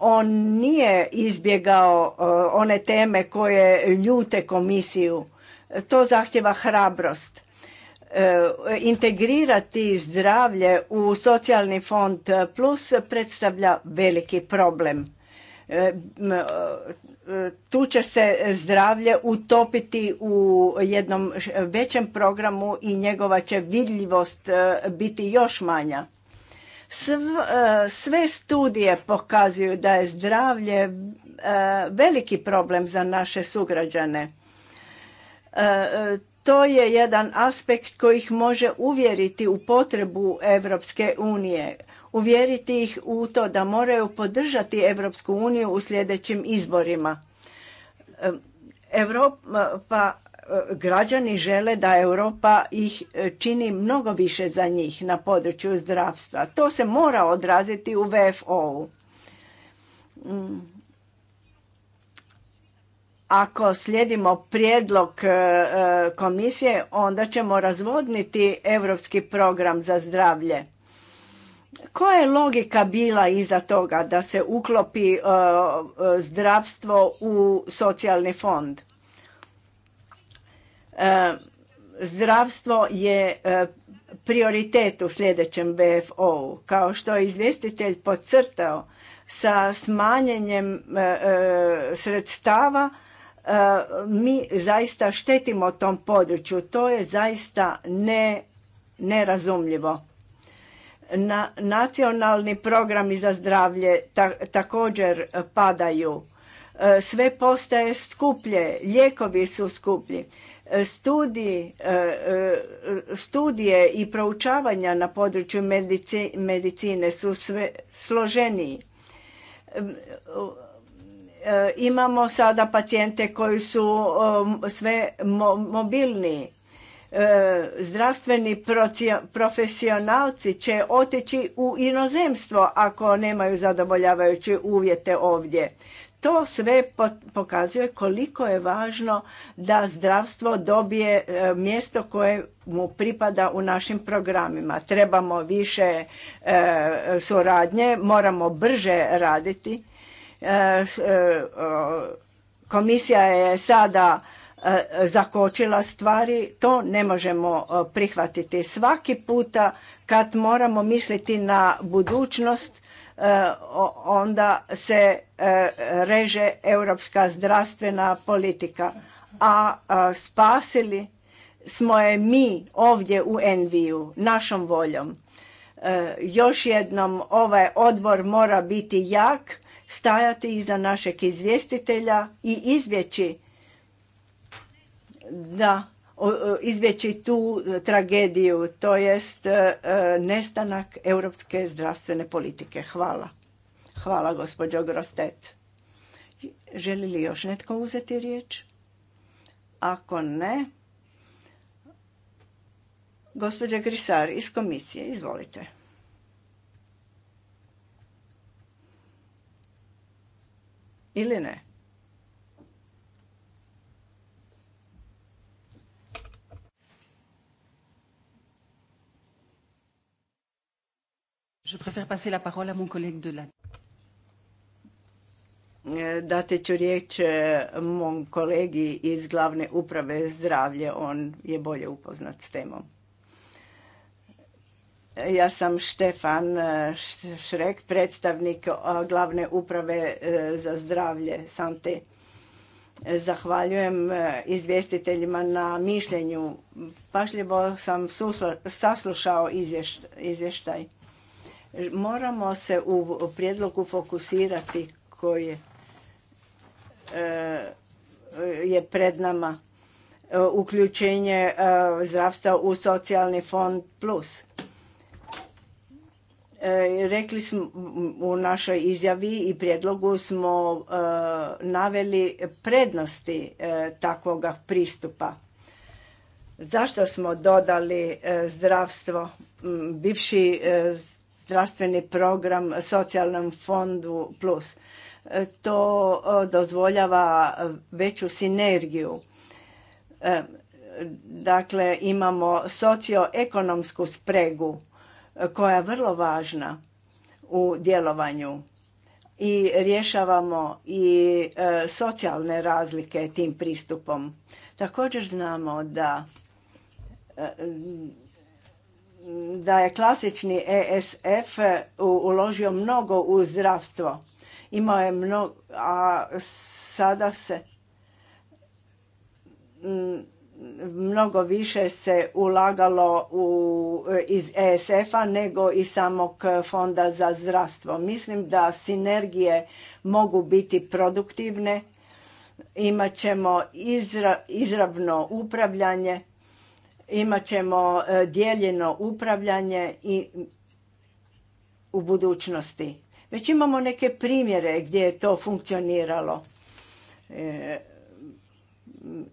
on nije izbjegao one teme koje ljute komisiju. To zahtjeva hrabrost E, integrirati zdravlje u socijalni fond plus predstavlja veliki problem. E, e, tu će se zdravlje utopiti u jednom većem programu i njegova će vidljivost biti još manja. Sve studije pokazuju da je zdravlje veliki problem za naše sugrađane to je jedan aspekt koji ih može uvjeriti u potrebu Europske unije, uvjeriti ih u to da moraju podržati Europsku uniju u sljedećim izborima. Europa, građani žele da Europa ih čini mnogo više za njih na području zdravstva. To se mora odraziti u VFO-u ako slijedimo prijedlog e, e, komisije, onda ćemo razvodniti Europski program za zdravlje. Koja je logika bila iza toga da se uklopi e, zdravstvo u socijalni fond? Zdravstvo je prioritet u sljedećem BFO-u. Kao što je izvjestitelj podcrtao, sa smanjenjem sredstava E, mi zaista štetimo tom području. To je zaista nerazumljivo. Na, nacionalni programi za zdravlje također padaju. E, sve postaje skuplje, lijekovi su skuplji. E, studije i proučavanja na području medicine su sve složeniji Eh, imamo sada pacijente koji su eh, sve mobilniji. Eh, zdravstveni profesionalci će otići u inozemstvo ako nemaju zadovoljavajuće uvjete ovdje. To sve pokazuje koliko je važno da zdravstvo dobije mjesto koje mu pripada u našim programima. Trebamo više suradnje, moramo brže raditi E, e, komisija je sada e, zakočila stvari, to ne možemo prihvatiti. Svaki puta kad moramo misliti na budućnost, onda se reže europska zdravstvena politika. A spasili smo je mi ovdje u Enviju, našom voljom. Još jednom, ovaj odbor mora biti jak stajati iza našeg izvjestitelja i izbjeći da izbjeći tu tragediju, to jest e, e, nestanak europske zdravstvene politike. Hvala. Hvala, gospođo Grostet. Želi li još netko uzeti riječ? Ako ne, gospođa Grisar iz komisije, izvolite. ili ne? Je préfère passer la parole à mon collègue de la... E, dati ću riječ e, mom kolegi iz glavne uprave zdravlje, on je bolje upoznat s temom. Ja sam Štefan e, Šrek, predstavnik e, glavne uprave e, za zdravlje Sante. Zahvaljujem izvjestiteljima na mišljenju. Pašljivo sam saslušao izvještaj. Moramo se u prijedlogu fokusirati koji je pred nama uključenje zdravstva u socijalni fond plus E, rekli smo u našoj izjavi i prijedlogu smo e, naveli prednosti e, takvog pristupa. Zašto smo dodali zdravstvo, bivši zdravstveni program socijalnom fondu plus? To dozvoljava veću sinergiju. Dakle, imamo socioekonomsku spregu koja je vrlo važna u djelovanju i rješavamo i e, socijalne razlike tim pristupom. Također znamo da e, da je klasični ESF uložio mnogo u zdravstvo. Imao je mnogo, a sada se mnogo više se ulagalo u, iz ESF-a nego iz samog fonda za zdravstvo. Mislim da sinergije mogu biti produktivne, imat ćemo izravno upravljanje, imat ćemo e, dijeljeno upravljanje i u budućnosti. Već imamo neke primjere gdje je to funkcioniralo. E,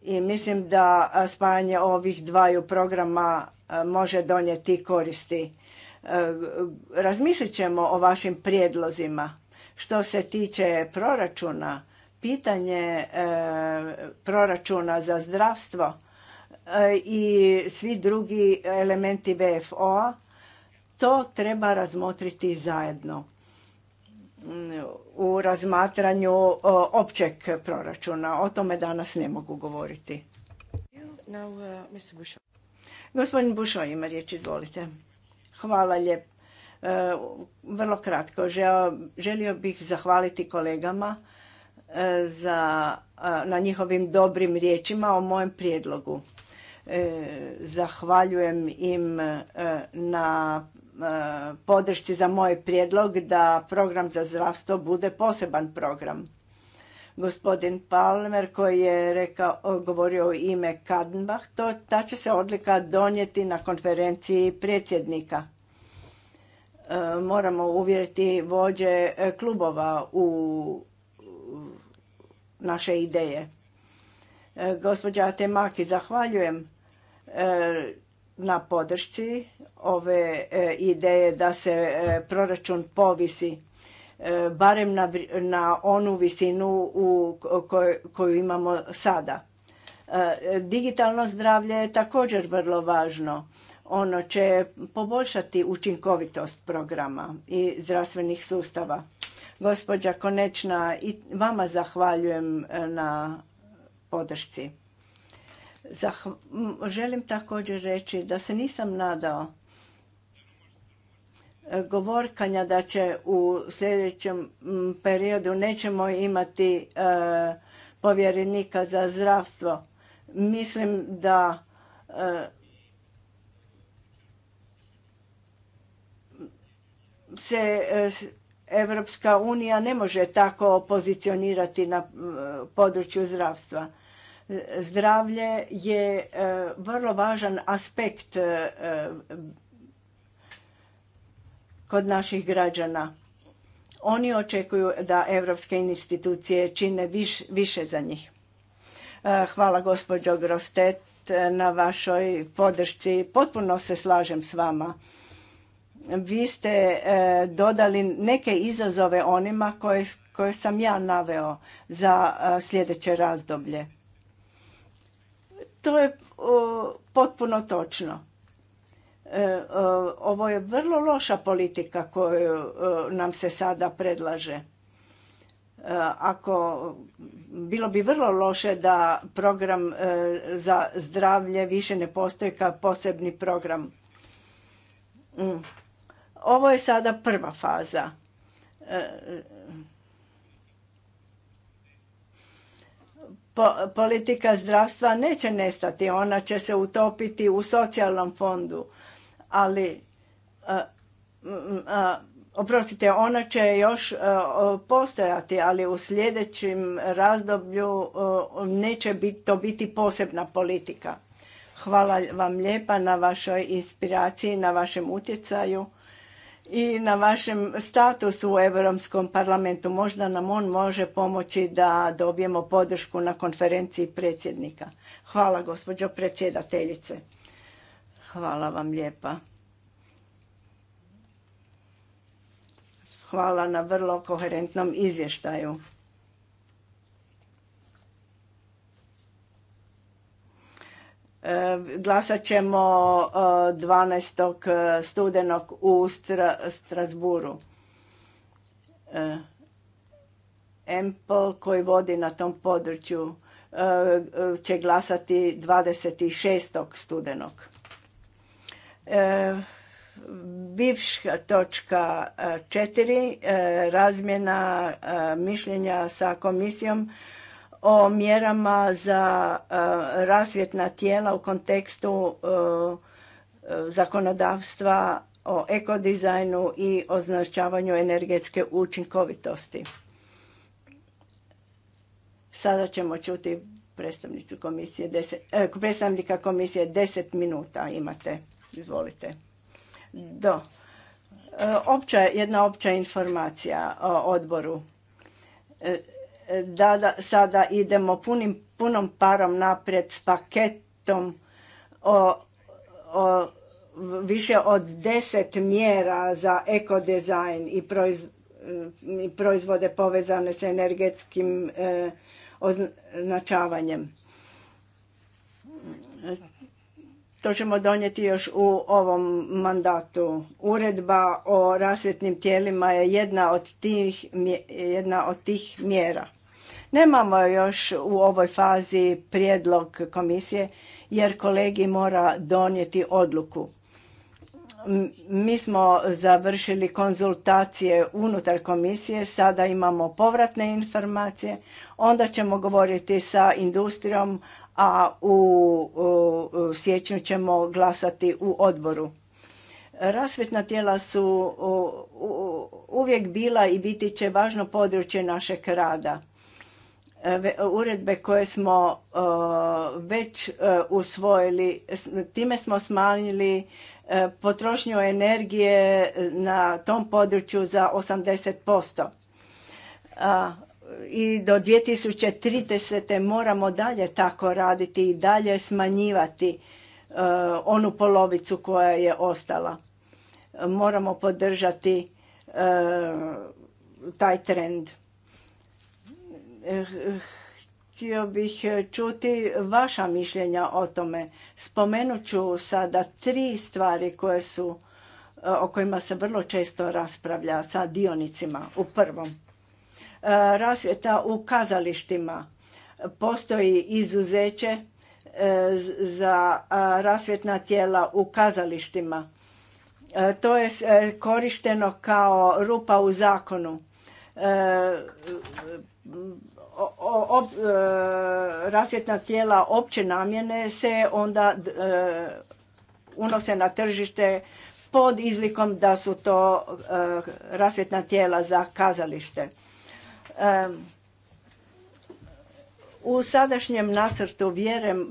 i mislim da spajanje ovih dvaju programa može donijeti koristi. E, razmislit ćemo o vašim prijedlozima. Što se tiče proračuna, pitanje e, proračuna za zdravstvo e, i svi drugi elementi vfo a to treba razmotriti zajedno u razmatranju e, općeg proračuna. O tome danas ne mogu govoriti. Uh, Gospodin Bušo ima riječ, izvolite. Hvala lijep. E, vrlo kratko. Želio, bih zahvaliti kolegama e, na njihovim dobrim riječima o mojem prijedlogu. zahvaljujem im na podršci za moj prijedlog da program za zdravstvo bude poseban program. Gospodin Palmer koji je rekao, govorio ime Kadenbach, to, ta će se odlika donijeti na konferenciji predsjednika. E, moramo uvjeriti vođe e, klubova u naše ideje. E, gospođa Temaki, zahvaljujem na podršci ove e, ideje da se e, proračun povisi e, barem na, onu visinu koju imamo sada. Digitalno zdravlje je također vrlo važno. Ono će poboljšati učinkovitost programa i zdravstvenih sustava. Gospođa Konečna, i vama zahvaljujem na podršci želim također reći da se nisam nadao e, govorkanja da će u sljedećem periodu nećemo imati e, povjerenika za zdravstvo. Mislim da e, se Europska unija ne može tako pozicionirati na području zdravstva. Zdravlje je e, vrlo važan aspekt e, kod naših građana. Oni očekuju da evropske institucije čine više za njih. E, hvala gospođo Grostet na vašoj podršci. Potpuno se slažem s vama. Vi ste dodali neke izazove onima koje sam ja naveo za sljedeće razdoblje. To je potpuno točno. E, ovo je vrlo loša politika koju nam se sada predlaže. E, ako bilo bi vrlo loše da program e, za zdravlje više ne postoji kao posebni program. Mm. Ovo je sada prva faza politika zdravstva neće nestati, ona će se utopiti u socijalnom fondu, ali e, oprostite, ona će još e, postojati, ali u sljedećem razdoblju neće to biti posebna politika. Hvala vam lijepa na vašoj inspiraciji, na vašem utjecaju i na vašem statusu u Europskom parlamentu. Možda nam on može pomoći da dobijemo podršku na konferenciji predsjednika. Hvala gospođo predsjedateljice. Hvala vam lijepa. Hvala na vrlo koherentnom izvještaju. E, glasat ćemo 12. E, e, studenog u Strasburu. Empel koji vodi na tom području će glasati 26. studenog. Bivša točka četiri Razmjena mišljenja sa komisijom o mjerama za e, rasvjetna tijela u kontekstu e, e, zakonodavstva o ekodizajnu i označavanju energetske učinkovitosti. Sada ćemo čuti predstavnicu komisije, deset, predstavnika komisije 10 minuta imate. Izvolite. Do. Opća, jedna opća informacija o odboru da sada idemo punim, punom parom naprijed s paketom o, o više od deset mjera za ekodizajn i proizvode povezane s energetskim e, označavanjem. To ćemo donijeti još u ovom mandatu. Uredba o rasvjetnim tijelima je jedna od tih, jedna od tih mjera. Nemamo još u ovoj fazi prijedlog komisije jer kolegi mora donijeti odluku. Mi smo završili konzultacije unutar komisije, sada imamo povratne informacije, onda ćemo govoriti sa industrijom, a u, siječnju ćemo glasati u odboru. Rasvjetna tijela su uvijek bila i biti će važno područje našeg rada uredbe koje smo već usvojili, time smo smanjili e, potrošnju energije na tom području za 80%. I do 2030. moramo dalje tako raditi i dalje smanjivati e, onu polovicu koja je ostala. Moramo podržati e, taj trend htio bih e, čuti vaša mišljenja o tome. Spomenut ću sada tri stvari koje su, e, o kojima se vrlo često raspravlja sa dionicima u prvom. E, rasvjeta u kazalištima. Postoji izuzeće za rasvjetna tijela u kazalištima. To je korišteno kao rupa u zakonu E, rasvjetna tijela opće namjene se onda e, unose na tržište pod izlikom da su to e, rasvjetna tijela za kazalište. U sadašnjem nacrtu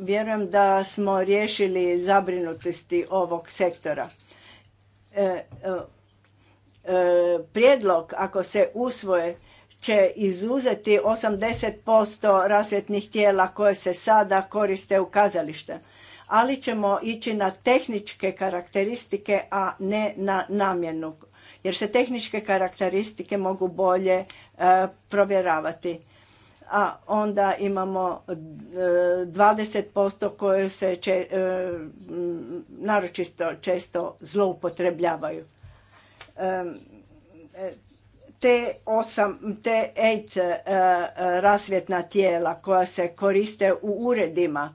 vjerujem, da smo riješili zabrinutosti ovog sektora. prijedlog, ako se usvoje, će izuzeti 80% rasvjetnih tijela koje se sada koriste u kazalište, ali ćemo ići na tehničke karakteristike, a ne na namjenu, jer se tehničke karakteristike mogu bolje e, provjeravati. A onda imamo e, 20% koje se če, e, naročito često zloupotrebljavaju e, te osam te eight e, e, rasvjetna tijela koja se koriste u uredima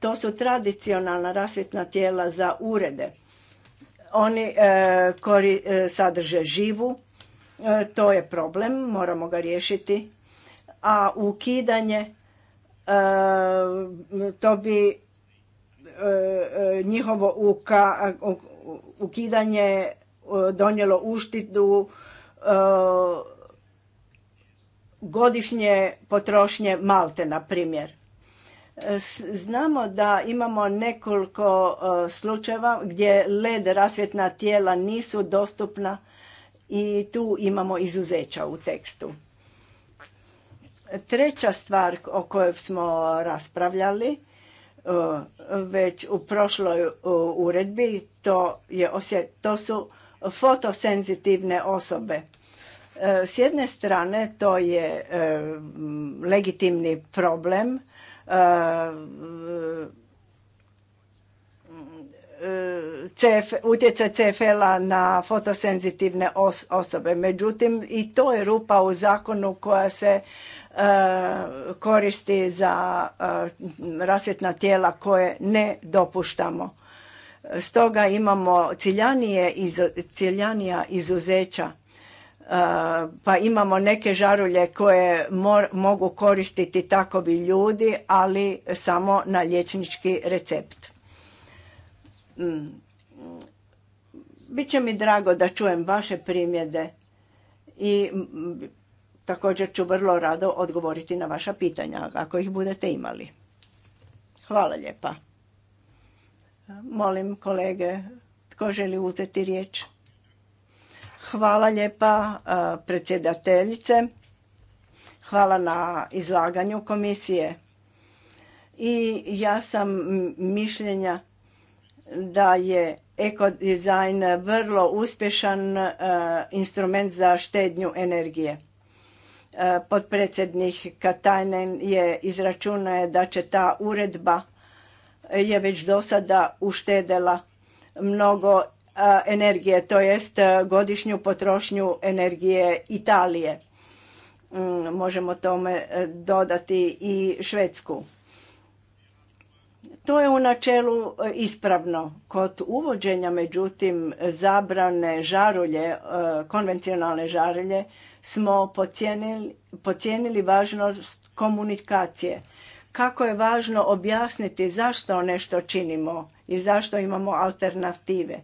to su tradicionalna rasvjetna tijela za urede oni e, sadrže živu to je problem moramo ga riješiti a ukidanje to bi njihovo ukidanje donijelo uštitu E, godišnje potrošnje malte, na primjer. E, znamo da imamo nekoliko e, slučajeva gdje led rasvjetna tijela nisu dostupna i tu imamo izuzeća u tekstu. Treća stvar o kojoj smo raspravljali već u prošloj uredbi, to, je, to su fotosenzitivne osobe. E, s jedne strane to je e, legitimni problem e, utjecaj CFL-a na fotosenzitivne osobe. Međutim, i to je rupa u zakonu koja se koristi za rasvjetna tijela koje ne dopuštamo. Stoga imamo ciljanija izuzeća, e, pa imamo neke žarulje koje mogu koristiti takovi ljudi, ali samo na liječnički recept. Mm. Biće mi drago da čujem vaše primjede i također ću vrlo rado odgovoriti na vaša pitanja ako ih budete imali. Hvala lijepa. Molim kolege, tko želi uzeti riječ? Hvala lijepa e, predsjedateljice. Hvala na izlaganju komisije. I ja sam mišljenja da je ekodizajn vrlo uspješan e, instrument za štednju energije. Podpredsjednik Potpredsjednik Katajnen je izračunao da će ta uredba je već do sada uštedela mnogo e, energije, to jest e, godišnju potrošnju energije Italije. Mm, možemo tome e, dodati i Švedsku. To je u načelu ispravno. Kod uvođenja, međutim, zabrane žarulje, konvencionalne žarulje, smo pocijenili, pocijenili važnost komunikacije kako je važno objasniti zašto nešto činimo i zašto imamo alternative.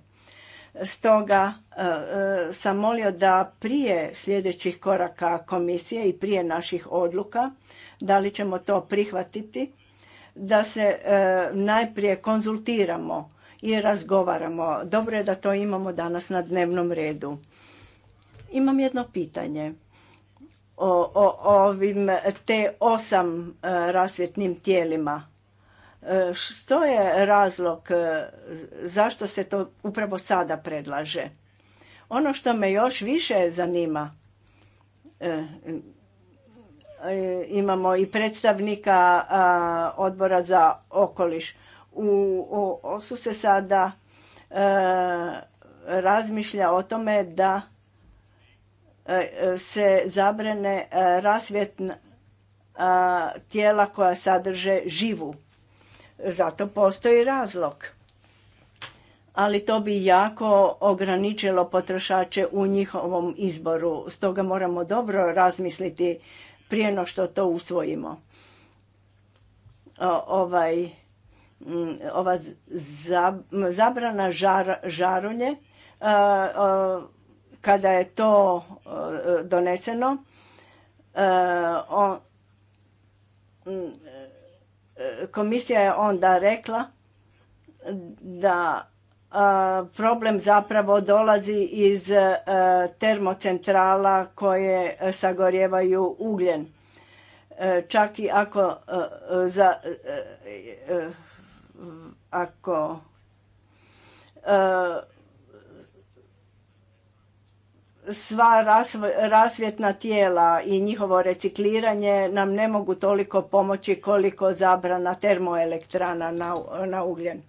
Stoga e, e, sam molio da prije sljedećih koraka komisije i prije naših odluka, da li ćemo to prihvatiti, da se e, najprije konzultiramo i razgovaramo. Dobro je da to imamo danas na dnevnom redu. Imam jedno pitanje o, o ovim te osam e, rasvjetnim tijelima. E, što je razlog e, zašto se to upravo sada predlaže? Ono što me još više zanima, imamo i predstavnika odbora za okoliš. U OSU se sada razmišlja o tome da se zabrane e, rasvjetna e, tijela koja sadrže živu. Zato postoji razlog. Ali to bi jako ograničilo potrošače u njihovom izboru. Stoga moramo dobro razmisliti prije no što to usvojimo. ovaj, ova zabrana žarulje e, kada je to e, doneseno, e, e, komisija je onda rekla da problem zapravo dolazi iz termocentrala koje sagorjevaju ugljen. Čak i ako za ako sva rasvjetna tijela i njihovo recikliranje nam ne mogu toliko pomoći koliko zabrana termoelektrana na, na ugljen.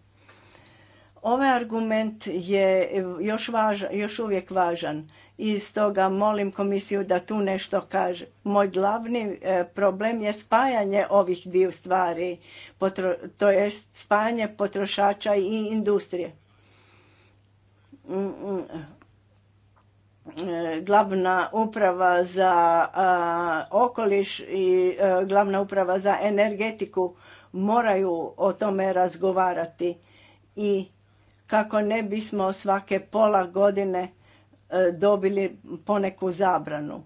Ovaj argument je još, važ, još uvijek važan i stoga molim komisiju da tu nešto kaže. Moj glavni e, problem je spajanje ovih dviju stvari, potro, to je spajanje potrošača i industrije. Mm, mm. E, glavna uprava za okoliš i e, glavna uprava za energetiku moraju o tome razgovarati i kako ne bismo svake pola godine e, dobili poneku zabranu.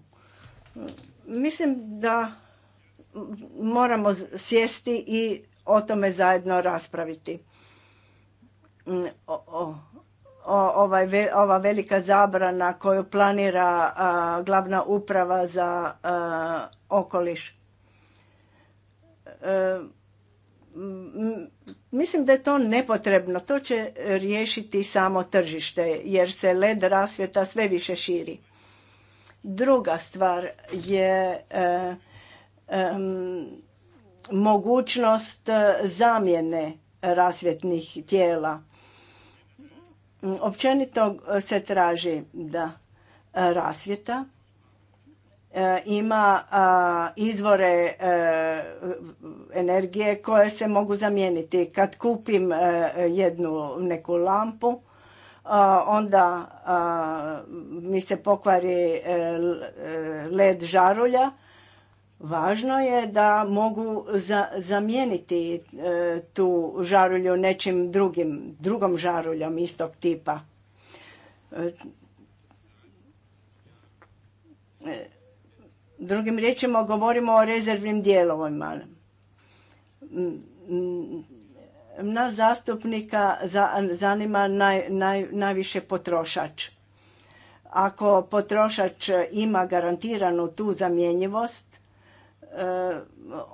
Mislim da moramo sjesti i o tome zajedno raspraviti. Mm, o Ovaj ova velika zabrana koju planira glavna uprava za okoliš. E, mislim da je to nepotrebno. To će riješiti samo tržište jer se led rasvjeta sve više širi. Druga stvar je e, mogućnost e, zamjene rasvjetnih tijela Općenito e, se traži da e, rasvjeta e, ima izvore energije koje se mogu zamijeniti. Kad kupim jednu neku lampu, onda mi se pokvari led žarulja Važno je da mogu zamijeniti e, tu žarulju nečim drugim, drugom žaruljom istog tipa. E, e, drugim riječima govorimo o rezervnim dijelovima. Nas zastupnika zanima naj, najviše potrošač. Ako potrošač ima garantiranu tu zamjenjivost, Eh,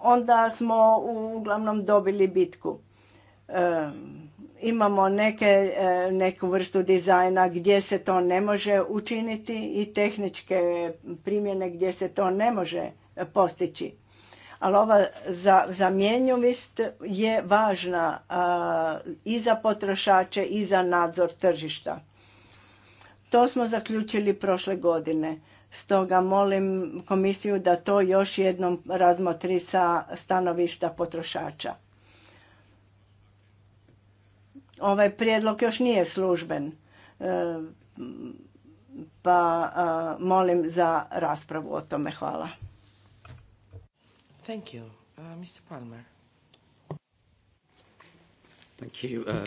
onda smo uglavnom dobili bitku. Eh, imamo neke, eh, neku vrstu dizajna gdje se to ne može učiniti i tehničke primjene gdje se to ne može postići. Ali ova zamjenjivost je važna i za potrošače i za nadzor tržišta. To smo zaključili prošle godine. Stoga molim komisiju da to još jednom razmotri sa stanovišta potrošača. Ovaj prijedlog još nije služben, e, pa e, molim za raspravu o tome. Hvala. Thank you. Uh, Mr. Palmer. Thank you. Uh,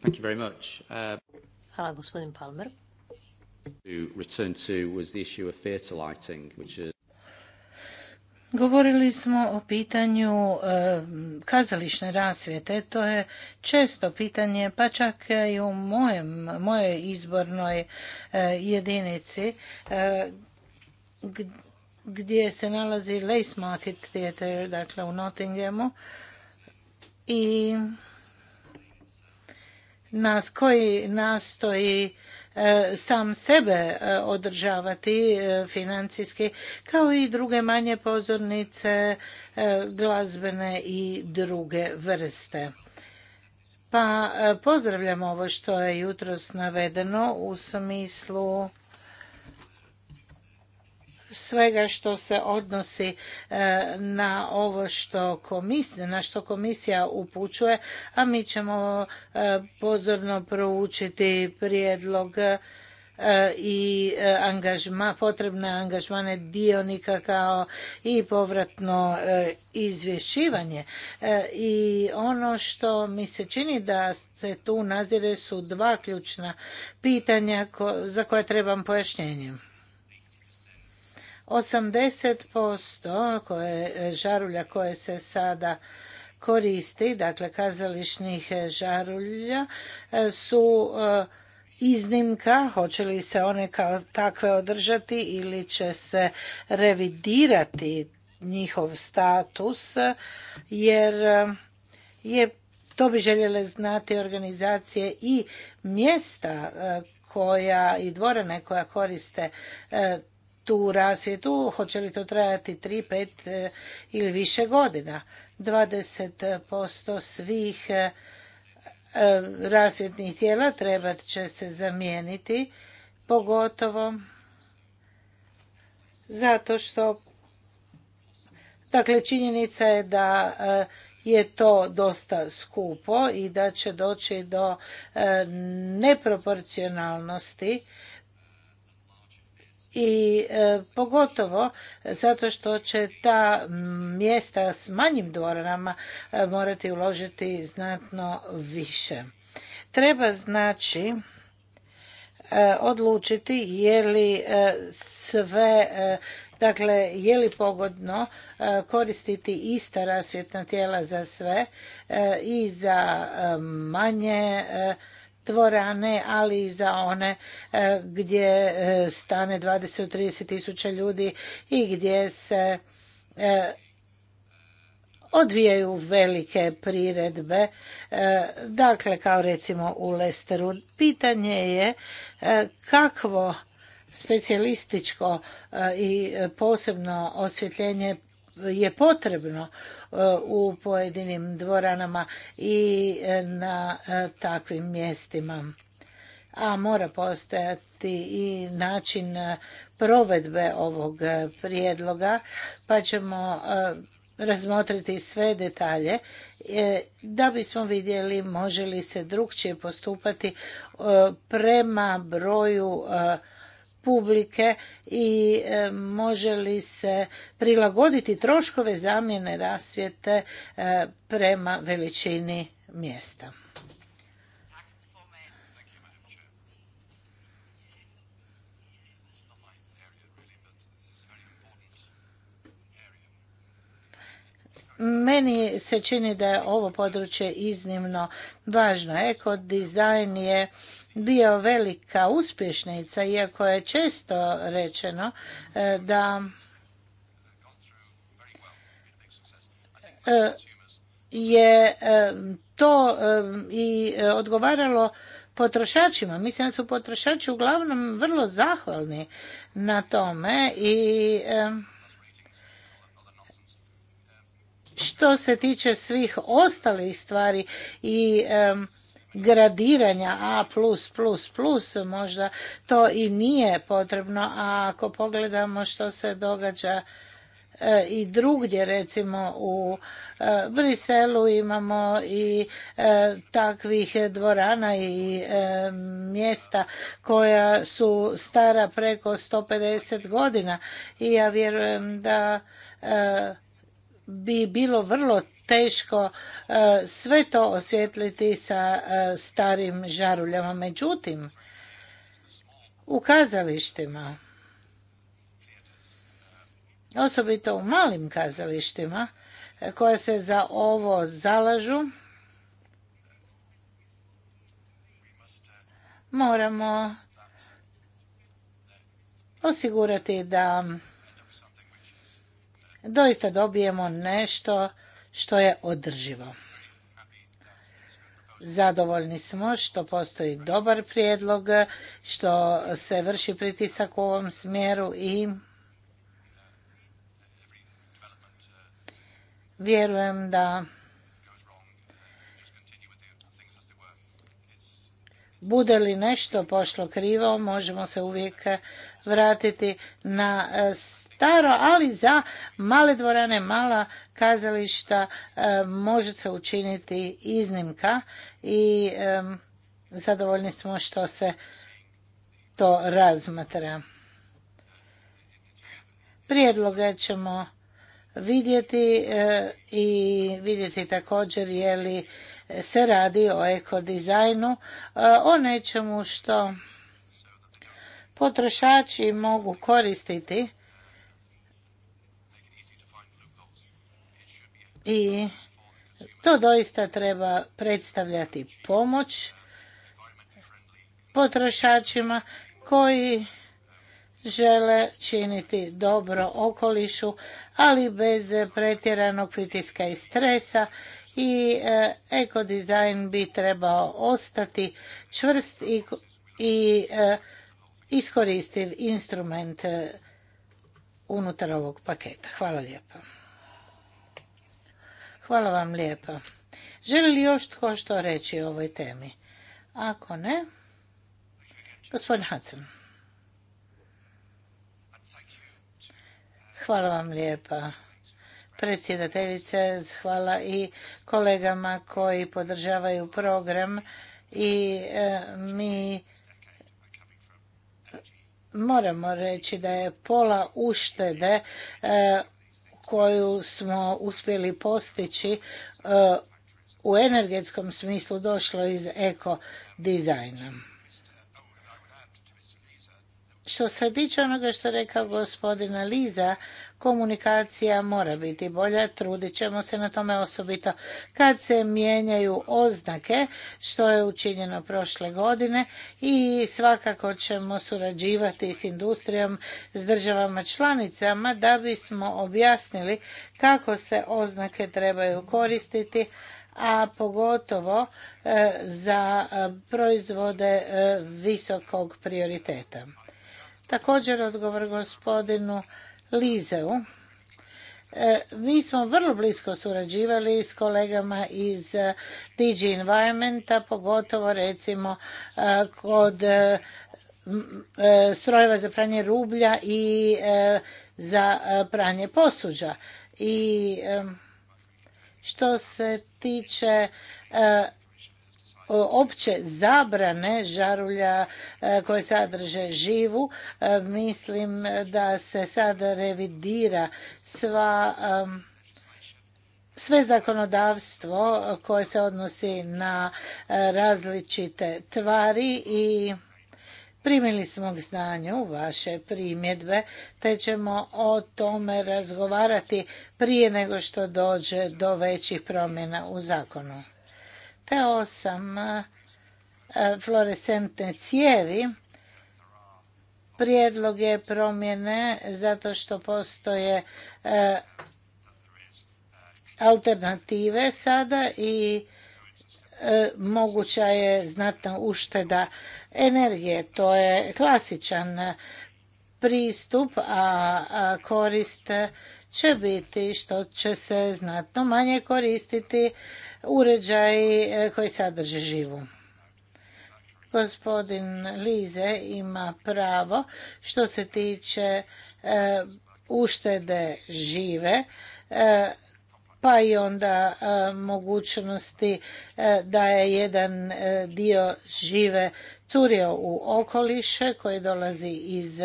thank you very much. Uh, Hvala, gospodin Palmer. Govorili smo o pitanju eh, kazališne rasvijete, to je često pitanje, pa čak i u mojem, mojoj izbornoj eh, jedinici eh, gdje se nalazi Lace Market Theater, dakle u Nottinghamu. I nas koji nastoji E, sam sebe e, održavati e, financijski kao i druge manje pozornice glazbene i druge vrste. Pa pozdravljam ovo što je jutros navedeno u smislu svega što se odnosi e, na ovo što komisija, na što komisija upućuje, a mi ćemo e, pozorno proučiti prijedlog e, i angažma, potrebne angažmane dionika kao i povratno izvješćivanje. I ono što mi se čini da se tu nazire su dva ključna pitanja za koja trebam pojašnjenje. 80% koje, žarulja koje se sada koristi, dakle kazališnih žarulja, e, su e, iznimka, hoće li se one kao takve održati ili će se revidirati njihov status, jer e, je to bi željele znati organizacije i mjesta koja i dvorane koja koriste tu rasvjetu, hoće li to trajati 3, 5 e, ili više godina. 20% svih e, e, rasvjetnih tijela trebat će se zamijeniti, pogotovo zato što dakle činjenica je da je to dosta skupo i da će doći do neproporcionalnosti i e, pogotovo zato što će ta mjesta s manjim dvoranama e, morati uložiti znatno više. Treba znači e, odlučiti je li sve Dakle, je li pogodno koristiti ista rasvjetna tijela za sve i za manje dvorane, ali i za one e, gdje e, stane 20-30 tisuća ljudi i gdje se e, odvijaju velike priredbe, dakle kao recimo u Lesteru. Pitanje je kakvo specijalističko i posebno osvjetljenje je potrebno uh, u pojedinim dvoranama i uh, na uh, takvim mjestima a mora postojati i način provedbe ovog prijedloga pa ćemo razmotriti sve detalje da bismo vidjeli može li se drugčije postupati prema broju publike i e, može li se prilagoditi troškove zamjene rasvjete e, prema veličini mjesta. Meni se čini da je ovo područje iznimno važno. Eko dizajn je bio velika uspješnica, iako je često rečeno e, da e, je e, to i odgovaralo potrošačima. Mislim da su potrošači uglavnom vrlo zahvalni na tome i Što se tiče svih ostalih stvari i gradiranja A+++, možda to i nije potrebno, a ako pogledamo što se događa e, i drugdje recimo u e, Briselu imamo i e, takvih dvorana i mjesta koja su stara preko 150 godina i ja vjerujem da bi bilo vrlo teško e, sve to osvijetliti sa e, starim žaruljama. Međutim, u kazalištima, osobito u malim kazalištima, e, koje se za ovo zalažu, moramo osigurati da doista dobijemo nešto što je održivo. Zadovoljni smo što postoji dobar prijedlog, što se vrši pritisak u ovom smjeru i vjerujem da bude li nešto pošlo krivo, možemo se uvijek vratiti na staro, ali za male dvorane, mala kazališta e, može se učiniti iznimka i e, zadovoljni smo što se to razmatra. Prijedloge ćemo vidjeti e, i vidjeti također je li se radi o ekodizajnu, o nečemu što potrošači mogu koristiti I to doista treba predstavljati pomoć potrošačima koji žele činiti dobro okolišu, ali bez pretjeranog pritiska i stresa i e, ekodizajn bi trebao ostati čvrst i, i e, iskoristiv instrument e, unutar ovog paketa. Hvala lijepa. Hvala vam lijepa. Želi li još tko što reći o ovoj temi? Ako ne, gospodin Hudson. Hvala vam lijepa predsjedateljice, hvala i kolegama koji podržavaju program i e, mi moramo reći da je pola uštede e, koju smo uspjeli postići e, u energetskom smislu došlo iz eko Što se tiče onoga što je rekao gospodina Liza komunikacija mora biti bolja, trudit ćemo se na tome osobito kad se mijenjaju oznake što je učinjeno prošle godine i svakako ćemo surađivati s industrijom, s državama članicama da bismo objasnili kako se oznake trebaju koristiti, a pogotovo e, za e, proizvode e, visokog prioriteta. Također odgovor gospodinu Lizeu. E, mi smo vrlo blisko surađivali s kolegama iz e, DG Environmenta, pogotovo recimo e, kod strojeva za pranje rublja i za pranje posuđa. I što se tiče opće zabrane žarulja e, koje sadrže živu. E, mislim da se sada revidira sva sve zakonodavstvo koje se odnosi na e, različite tvari i primili smo k znanju vaše primjedbe te ćemo o tome razgovarati prije nego što dođe do većih promjena u zakonu. Te 8 e, fluorescentne cijevi. Prijedlog je promjene zato što postoje e, alternative sada i e, moguća je znatna ušteda energije. To je klasičan pristup, a koriste će biti što će se znatno manje koristiti uređaj e, koji sadrže živu. Gospodin Lize ima pravo što se tiče e, uštede žive, e, pa i onda mogućnosti da je jedan dio žive curio u okoliše koji dolazi iz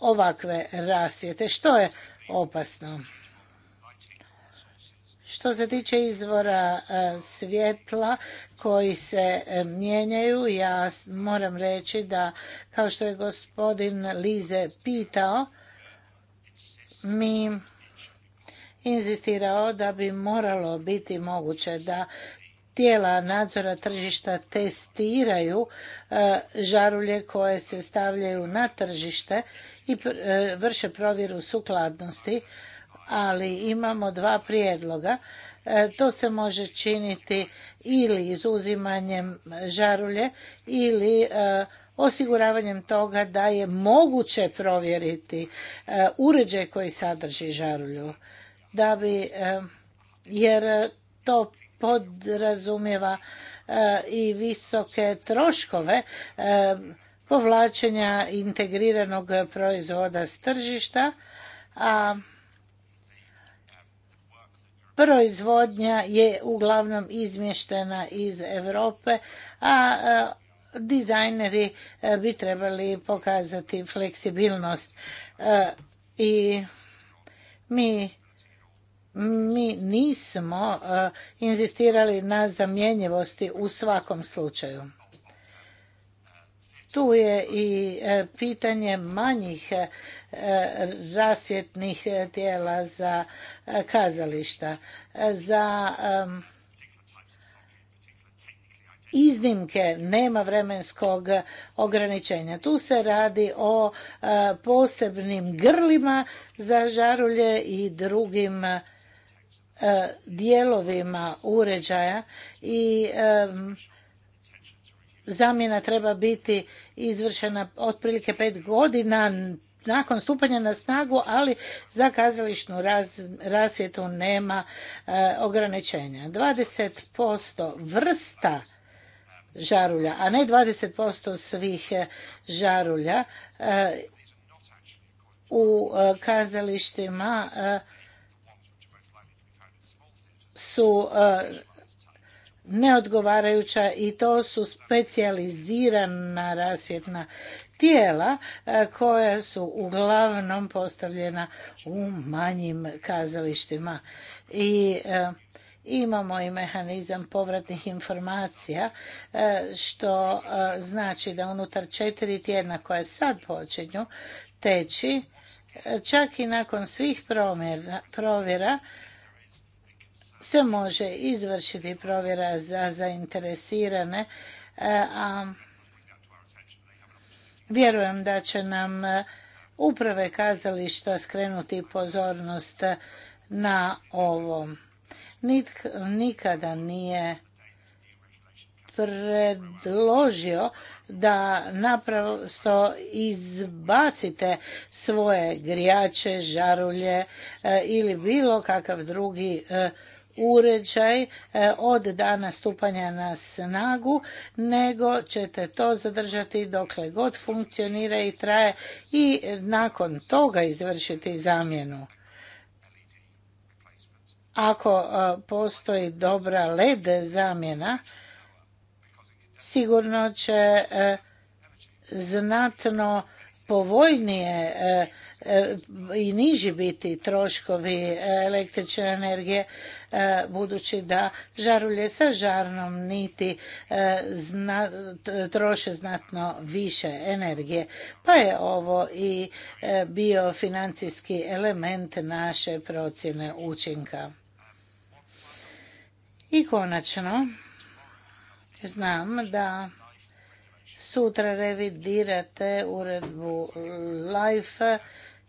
ovakve rasvijete, što je opasno. Što se tiče izvora e, svjetla koji se e, mijenjaju, ja moram reći da, kao što je gospodin Lize pitao, mi inzistirao da bi moralo biti moguće da tijela nadzora tržišta testiraju e, žarulje koje se stavljaju na tržište i vrše provjeru sukladnosti ali imamo dva prijedloga. E, to se može činiti ili izuzimanjem žarulje ili e, osiguravanjem toga da je moguće provjeriti e, uređaj koji sadrži žarulju. Da bi, jer to podrazumijeva i visoke troškove povlačenja integriranog proizvoda s tržišta, a proizvodnja je uglavnom izmještena iz Europe, a dizajneri e, bi trebali pokazati fleksibilnost e, i mi mi nismo e, inzistirali na zamjenjivosti u svakom slučaju tu je i e, pitanje manjih e, rasvjetnih e, tijela za kazališta za iznimke nema vremenskog ograničenja tu se radi o posebnim grlima za žarulje i drugim dijelovima uređaja i zamjena treba biti izvršena otprilike pet godina nakon stupanja na snagu, ali za kazališnu rasvjetu nema e, ograničenja. 20% vrsta žarulja, a ne 20% svih e, žarulja e, u e, kazalištima su neodgovarajuća i to su specijalizirana rasvjetna tijela e, koja su uglavnom postavljena u manjim kazalištima i e, imamo i mehanizam povratnih informacija e, što znači da unutar četiri tjedna koja sad počinju teći čak i nakon svih provjera se može izvršiti provjera za zainteresirane, e, a vjerujem da će nam e, uprave kazališta skrenuti pozornost na ovo. Nikada nije predložio da naprosto izbacite svoje grijače, žarulje e, ili bilo kakav drugi uređaj e, od dana stupanja na snagu, nego ćete to zadržati dokle god funkcionira i traje i nakon toga izvršiti zamjenu. Ako e, postoji dobra LED zamjena, sigurno će e, znatno povoljnije E, i niži biti troškovi e, električne energije e, budući da žarulje sa žarnom niti troše znatno više energije. Pa je ovo i bio financijski element naše procjene učinka. I konačno, znam da sutra revidirate uredbu LIFE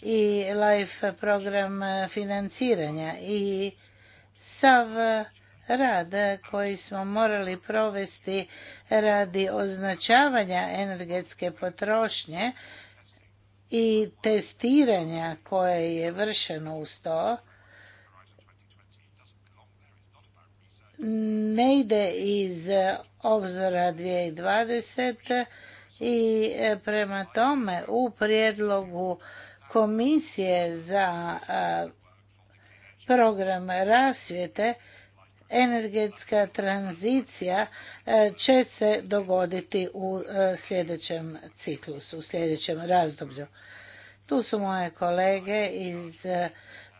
i LIFE program financiranja i sav rad koji smo morali provesti radi označavanja energetske potrošnje i testiranja koje je vršeno uz to ne ide iz obzora 2020 i prema tome u prijedlogu komisije za program rasvijete energetska tranzicija će se dogoditi u sljedećem ciklusu, u sljedećem razdoblju. Tu su moje kolege iz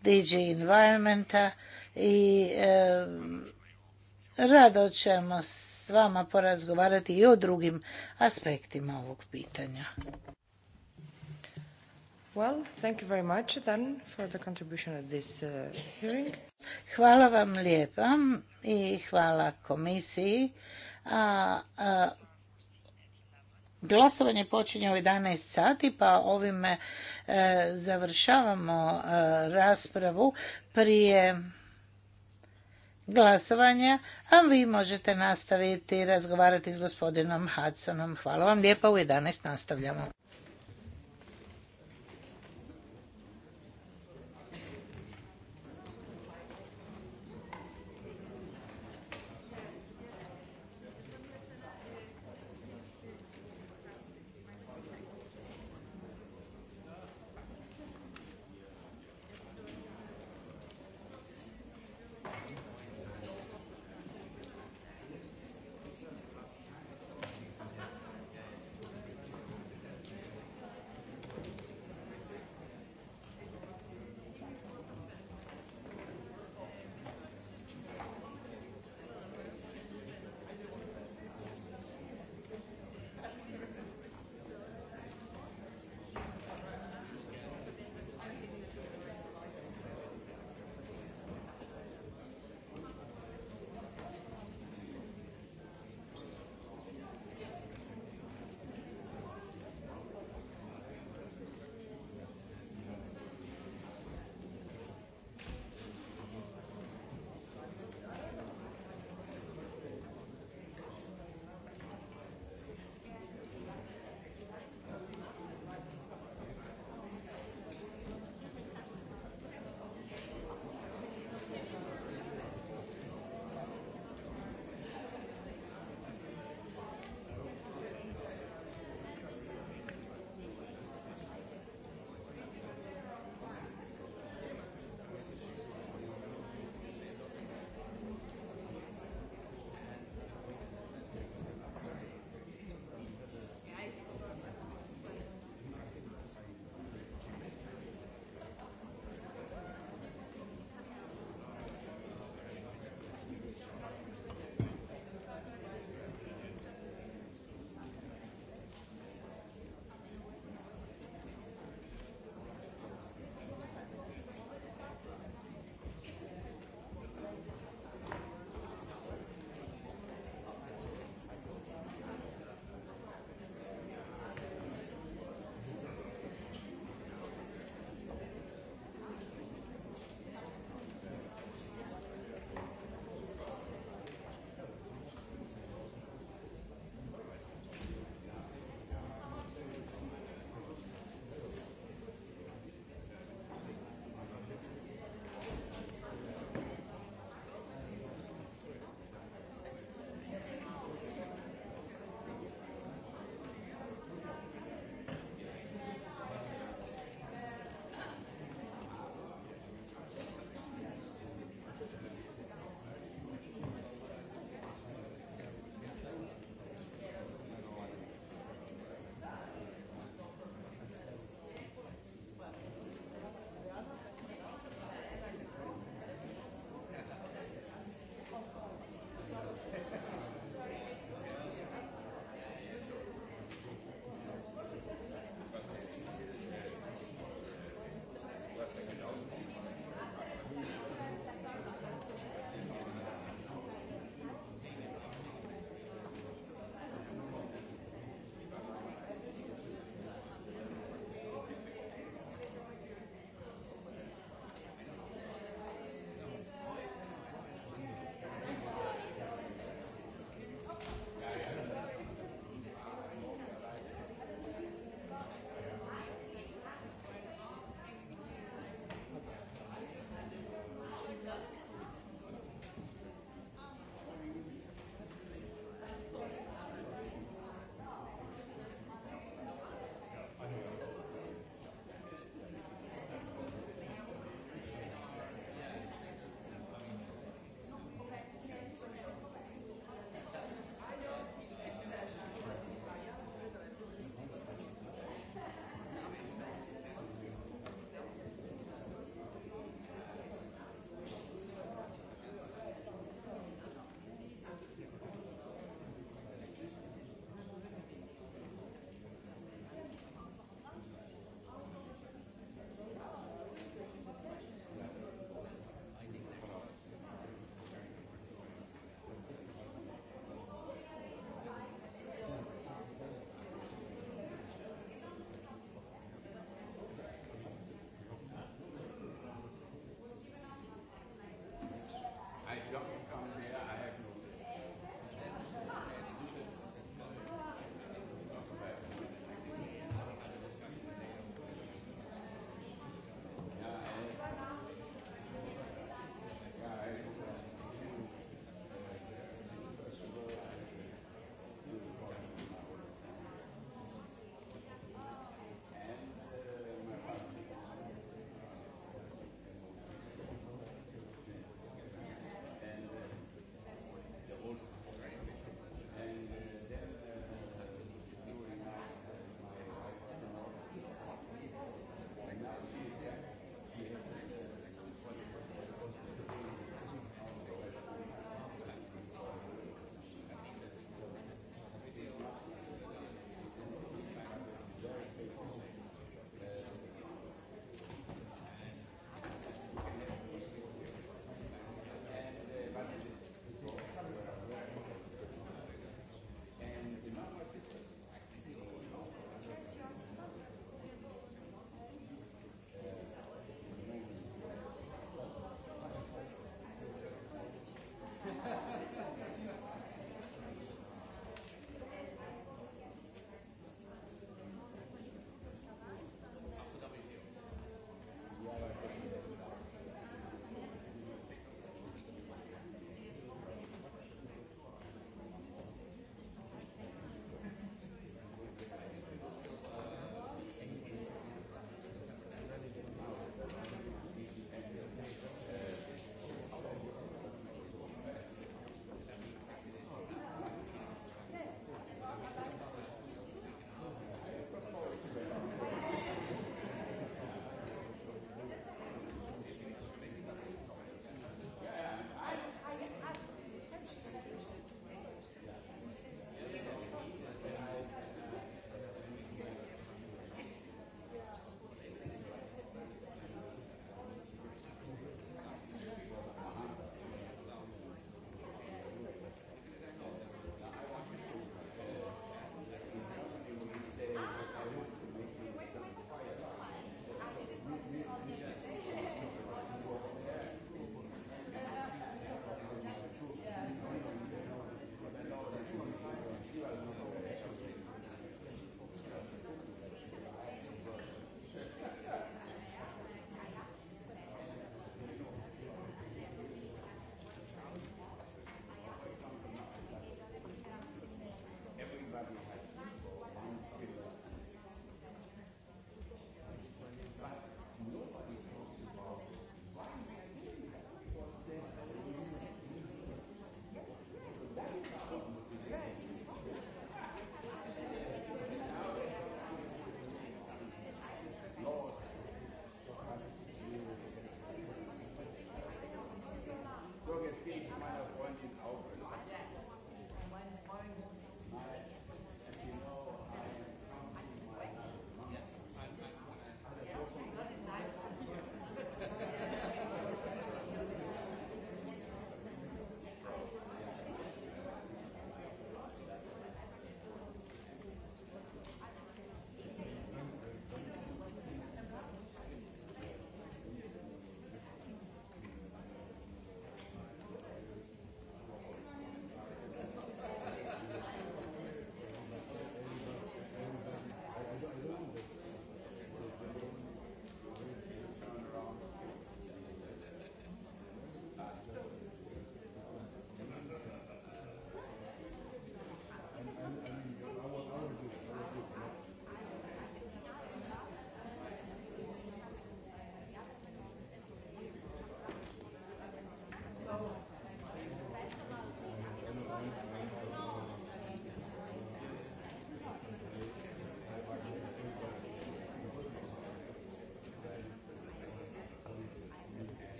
DG Environmenta i rado ćemo s vama porazgovarati i o drugim aspektima ovog pitanja. Well, thank Hvala vam lijepa i hvala komisiji. A, glasovanje počinje u 11 sati pa ovime e, završavamo e, raspravu prije glasovanja, a vi možete nastaviti razgovarati s gospodinom Hudsonom. Hvala vam lijepa, u 11 nastavljamo.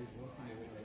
Hvala što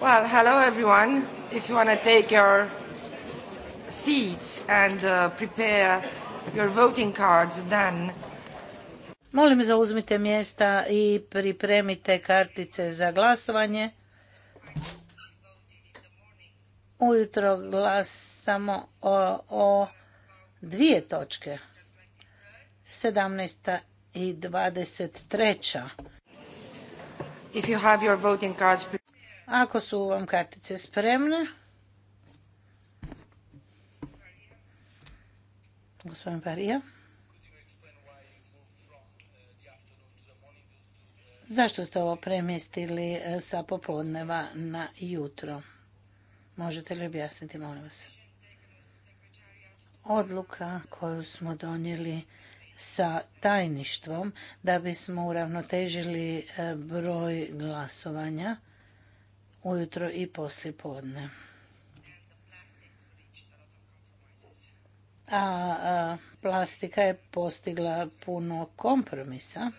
Well, hello everyone. If you want to take your seats and uh, prepare your voting cards, then Molim zauzmite mjesta i pripremite kartice za glasovanje. Ujutro glasamo o, o dvije točke. 17. i 23. If you have your voting cards ako su vam kartice spremne. Gospodin Parija. Zašto ste ovo premjestili e, sa popodneva na jutro? Možete li objasniti, molim vas? Odluka koju smo donijeli sa tajništvom da bismo uravnotežili e, broj glasovanja ujutro i poslije podne. A plastika je postigla puno kompromisa.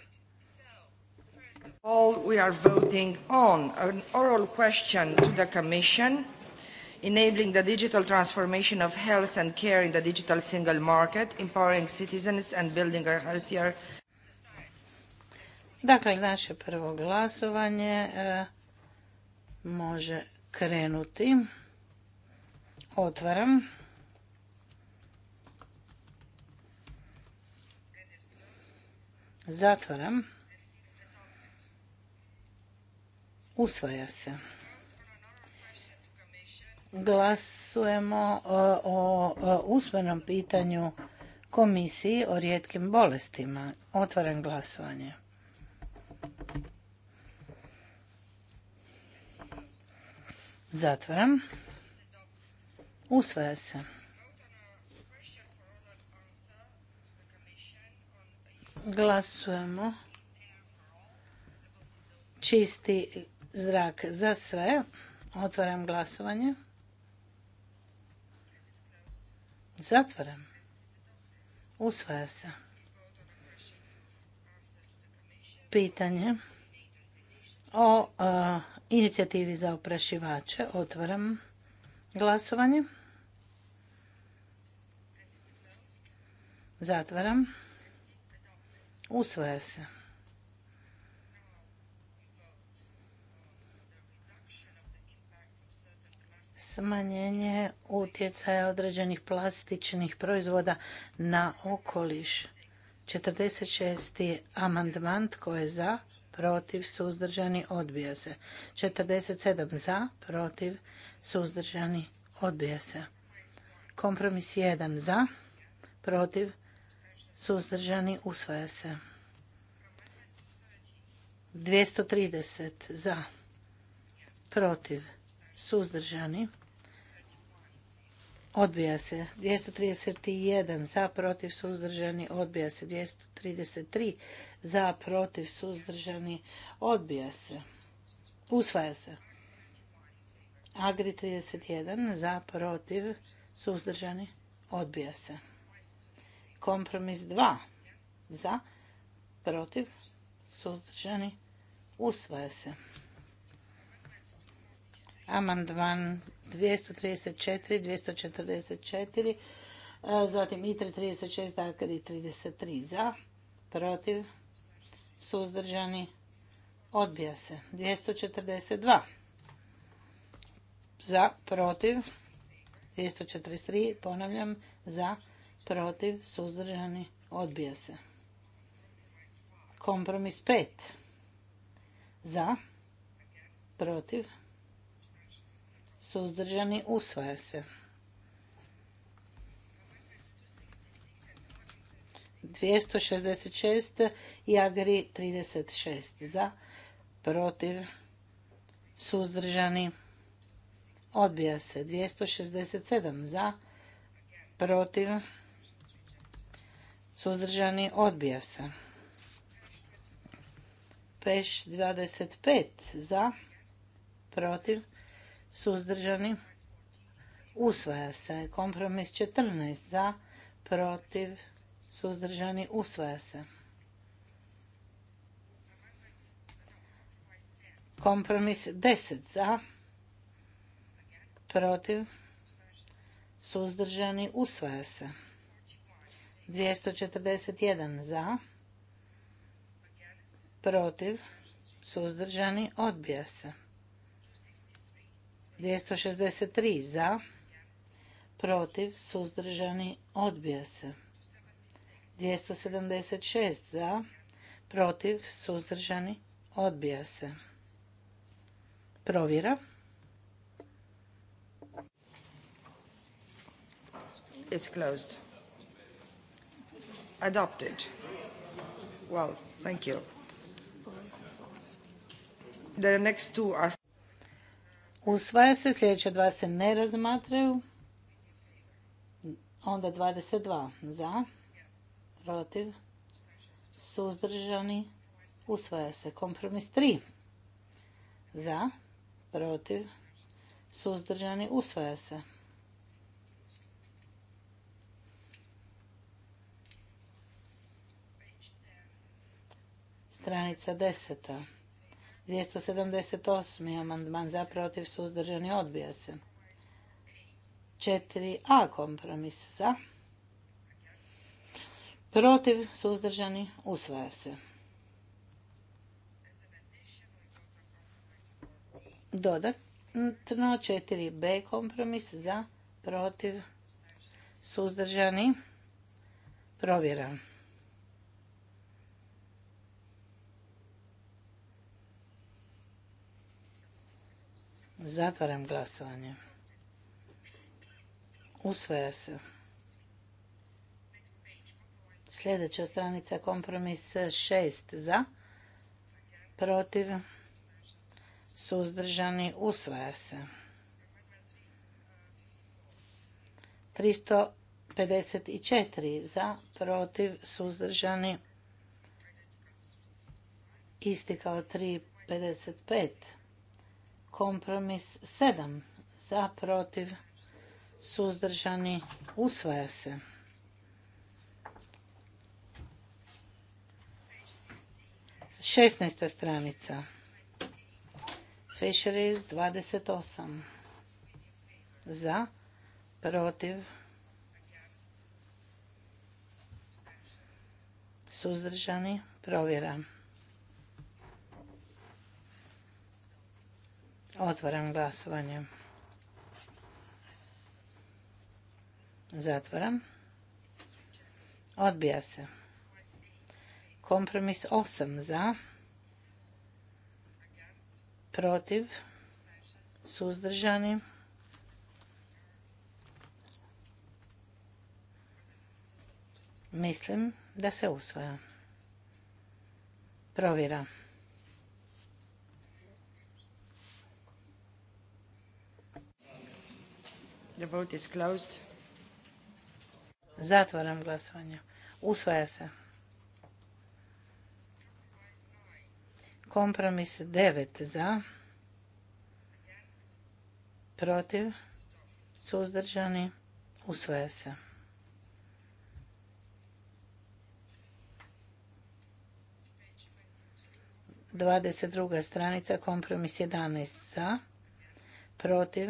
All we are voting on an oral question to the Commission enabling the digital transformation of health and care in the digital single market, empowering citizens and building a healthier Dakle, naše prvo glasovanje e, može krenuti. Otvaram. Zatvaram. Usvaja se. Glasujemo e, o e, usmenom pitanju komisiji o rijetkim bolestima. Otvaram glasovanje. Zatvaram. Usvaja se. Glasujemo. Čisti zrak za sve. Otvaram glasovanje. Zatvaram. Usvaja se. Pitanje o inicijativi za oprašivače. Otvaram glasovanje. Zatvaram. Usvaja se. Smanjenje utjecaja određenih plastičnih proizvoda na okoliš. 46. amandman. Tko je za? protiv, suzdržani, odbija se. 47 za, protiv, suzdržani, odbija se. Kompromis 1 za, protiv, suzdržani, usvaja se. 230 za, protiv, suzdržani, Odbija se. 231 za, protiv, suzdržani. Odbija se. 233 za, protiv, suzdržani. Odbija se. Usvaja se. Agri 31 za, protiv, suzdržani. Odbija se. Kompromis 2 za, protiv, suzdržani. Usvaja se. Amandman 234, 244, e, zatim i 36, dakle i 33 za, protiv, suzdržani, odbija se. 242 za, protiv, 243, ponavljam, za, protiv, suzdržani, odbija se. Kompromis 5 za, protiv, suzdržani, usvaja se. 266 Jagri. 36 za, protiv, suzdržani, odbija se. 267 za, protiv, suzdržani, odbija se. Peš 25 za, protiv, suzdržani, usvaja se. Kompromis 14 za, protiv, suzdržani, usvaja se. Kompromis 10 za, protiv, suzdržani, usvaja se. 241 za, protiv, suzdržani, odbija se. 263 za, protiv, suzdržani, odbija se. 276 za, protiv, suzdržani, odbija se. Provjera. It's closed. Adopted. Well, thank you. The next two are Usvaja se, sljedeća dva se ne razmatraju. Onda 22 za, protiv, suzdržani, usvaja se. Kompromis 3 za, protiv, suzdržani, usvaja se. Stranica deseta. 278. amandman za protiv suzdržani odbija se. 4a kompromis za. Protiv suzdržani usvaja se. Dodatno 4b kompromis za protiv suzdržani provjera. Zatvaram glasovanje. Usvaja se. Sljedeća stranica kompromis 6 za, protiv, suzdržani, usvaja se. 354 za, protiv, suzdržani, isti kao 355. Kompromis 7 za protiv suzdržani usvaja se. 16. stranica. Fisheries 28. Za, protiv, suzdržani, provjera. Otvaram glasovanje. Zatvaram. Odbija se. Kompromis 8 za. Protiv. Suzdržani. Mislim da se usvaja. Provjera. The Zatvaram glasovanje. Usvaja se. Kompromis 9 za. Protiv. Suzdržani. Usvaja se. Dvadeset druga stranica, kompromis 11 za, protiv,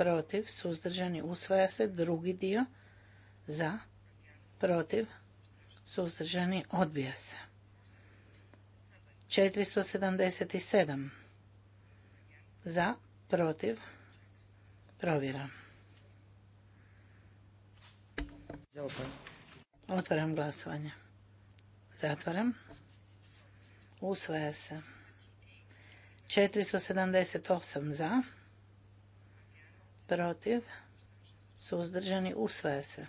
protiv, suzdržani, usvaja se. Drugi dio za, protiv, suzdržani, odbija se. 477 za, protiv, provjera. Otvaram glasovanje. Zatvaram. Usvaja se. 478 za, protiv, suzdržani, usvaja se.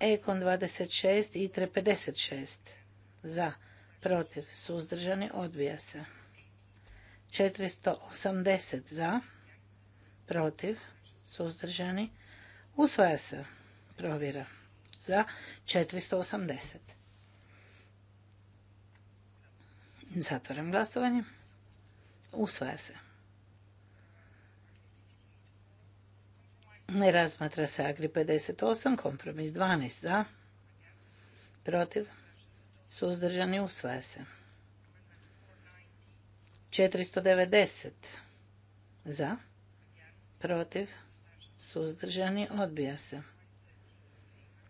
Ekon 26 i 356 za, protiv, suzdržani, odbija se. 480 za, protiv, suzdržani, usvaja se. Provjera za 480. Zatvaram glasovanje. Usvaja se. Ne razmatra se Agri 58, kompromis 12 za, protiv, suzdržani usvaja se. 490 za, protiv, suzdržani odbija se.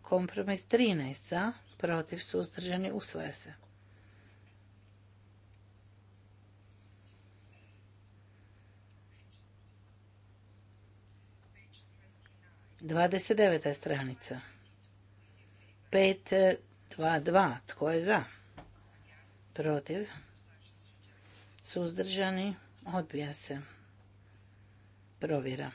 Kompromis 13 za, protiv, suzdržani usvaja se. 29. stranica. 5, 2, 2. Tko je za? Protiv. Suzdržani. Odbija se. Provjera.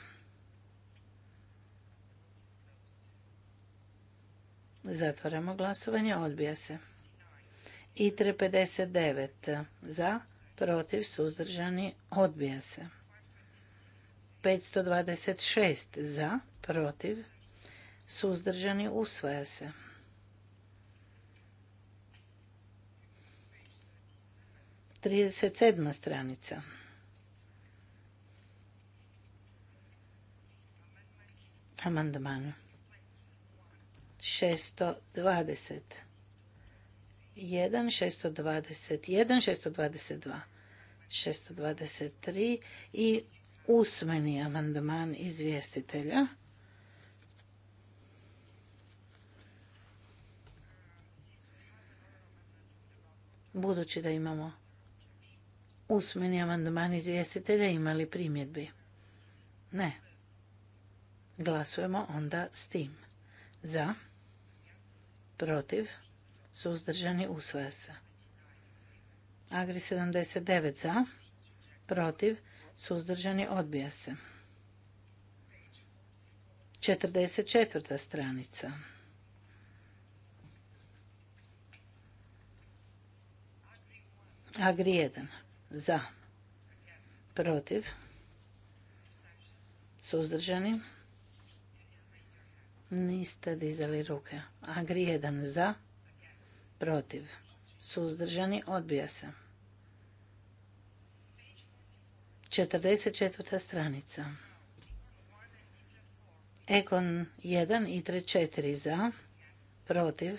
Zatvaramo glasovanje. Odbija se. ITRE 59. Za. Protiv. Suzdržani. Odbija se. 526. Za protiv, suzdržani, usvaja se. Trideset sedma stranica. Amandman. Šesto šesto šesto dvadeset dvadeset jedan jedan dvadeset dva. Šesto dvadeset tri i usmeni amandman izvjestitelja. budući da imamo usmeni amandman izvjestitelja imali primjedbi? Ne. Glasujemo onda s tim. Za, protiv, suzdržani, usvaja se. Agri 79 za, protiv, suzdržani, odbija se. 44. stranica. Agri 1. Za. Protiv. Suzdržani. Niste dizali ruke. Agri 1. Za. Protiv. Suzdržani. Odbija se. 44. stranica. Ekon 1 i 3 4 za, protiv,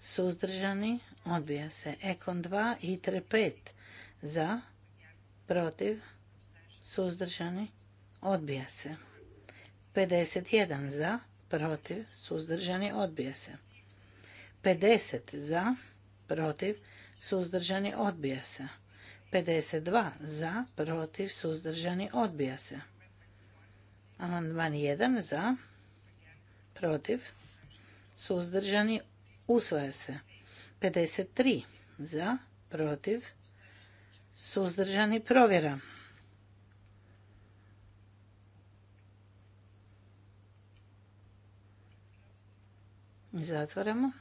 suzdržani, Odbija se. Ekon 2 i 3 5 za, protiv, suzdržani. Odbija se. 51 za, protiv, suzdržani. Odbija se. 50 za, protiv, suzdržani. Odbija se. 52 za, protiv, suzdržani. Odbija se. Amandman 1 za, protiv, suzdržani. Usvaja se. 53 za, protiv, suzdržani provjera. Zatvaramo.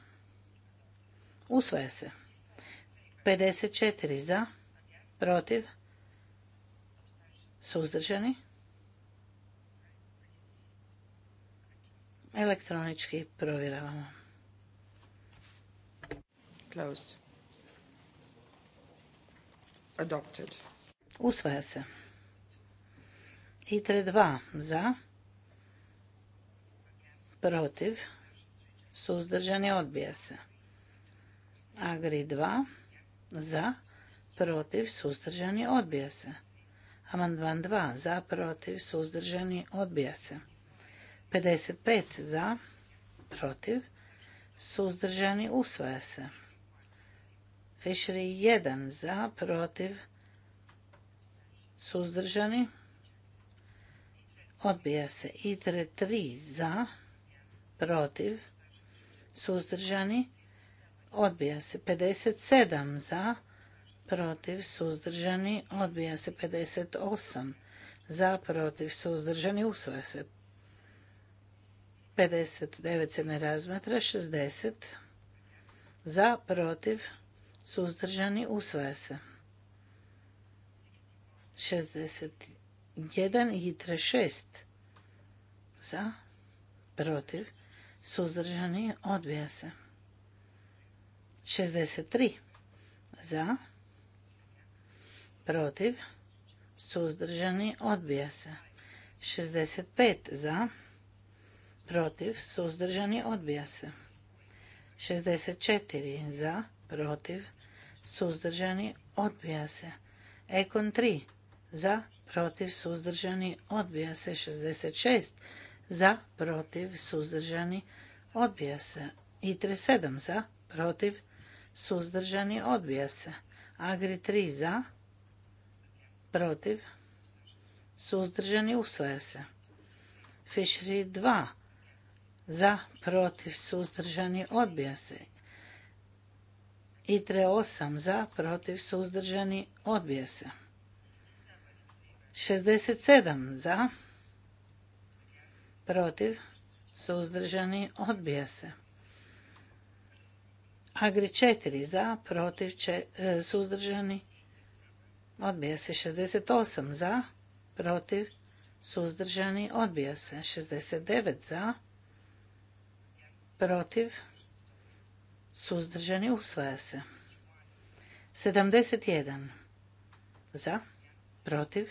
Usvaja se. 54 za, protiv, suzdržani. Elektronički provjeravamo. Closed. Adopted. Usvaja se. ITRE 2 za. Protiv. Suzdržani odbija se. Agri 2 za. Protiv. Suzdržani odbija se. Amandman 2 za. Protiv. Suzdržani odbija se. 55 za. Protiv. Suzdržani usvaja se. Fishery 1 za, protiv, suzdržani. Odbija se ITRE 3 za, protiv, suzdržani. Odbija se 57 za, protiv, suzdržani. Odbija se 58 za, protiv, suzdržani. Usvaja se 59 se ne razmatra, 60 za, protiv, suzdržani suzdržani, usvaja se. 61 i 36 za, protiv, suzdržani, odbija se. 63 za, protiv, suzdržani, odbija se. 65 za, protiv, suzdržani, odbija se. 64 za, protiv, suzdržani, odbija se. Ekon 3 za, protiv, suzdržani, odbija se. 66 za, protiv, suzdržani, odbija se. I 37 za, protiv, suzdržani, odbija se. Agri 3 za, protiv, suzdržani, usvaja se. Fishery 2 za, protiv, suzdržani, odbija se. I tre osam za, protiv, suzdržani, odbija se. 67 za, protiv, suzdržani, odbija se. Agri 4 e, za, protiv, suzdržani, odbija se. 68 za, protiv, suzdržani, odbija se. 69 za, protiv, suzdržani, suzdržani, usvaja se. 71 za, protiv,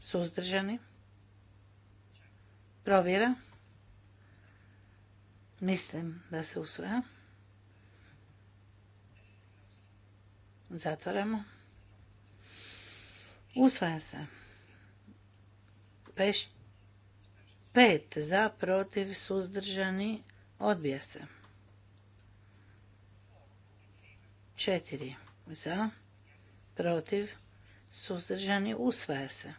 suzdržani, provjera, mislim da se usvaja. Zatvaramo. Usvaja se. pet za, protiv, suzdržani, odbija se. Četiri za, protiv, suzdržani, usvaja se.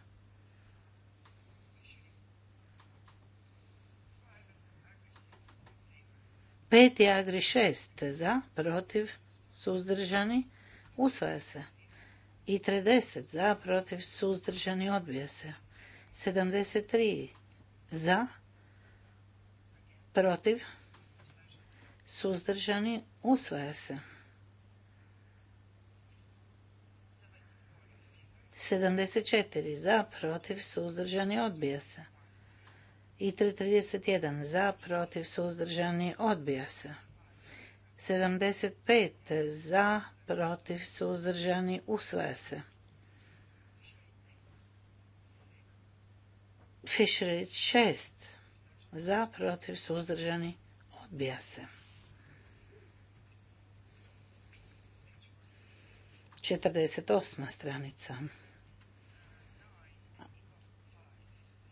Pet agri šest za, protiv, suzdržani, usvaja se. I 30 za, protiv, suzdržani, odbija se. 73 za, protiv, suzdržani, usvaja se. 74 za, protiv, suzdržani, odbija se. I 3.31. za, protiv, suzdržani, odbija se. 75 za, protiv, suzdržani, usvaja se. Fišerić 6 za, protiv, suzdržani, odbija se. 48. stranica.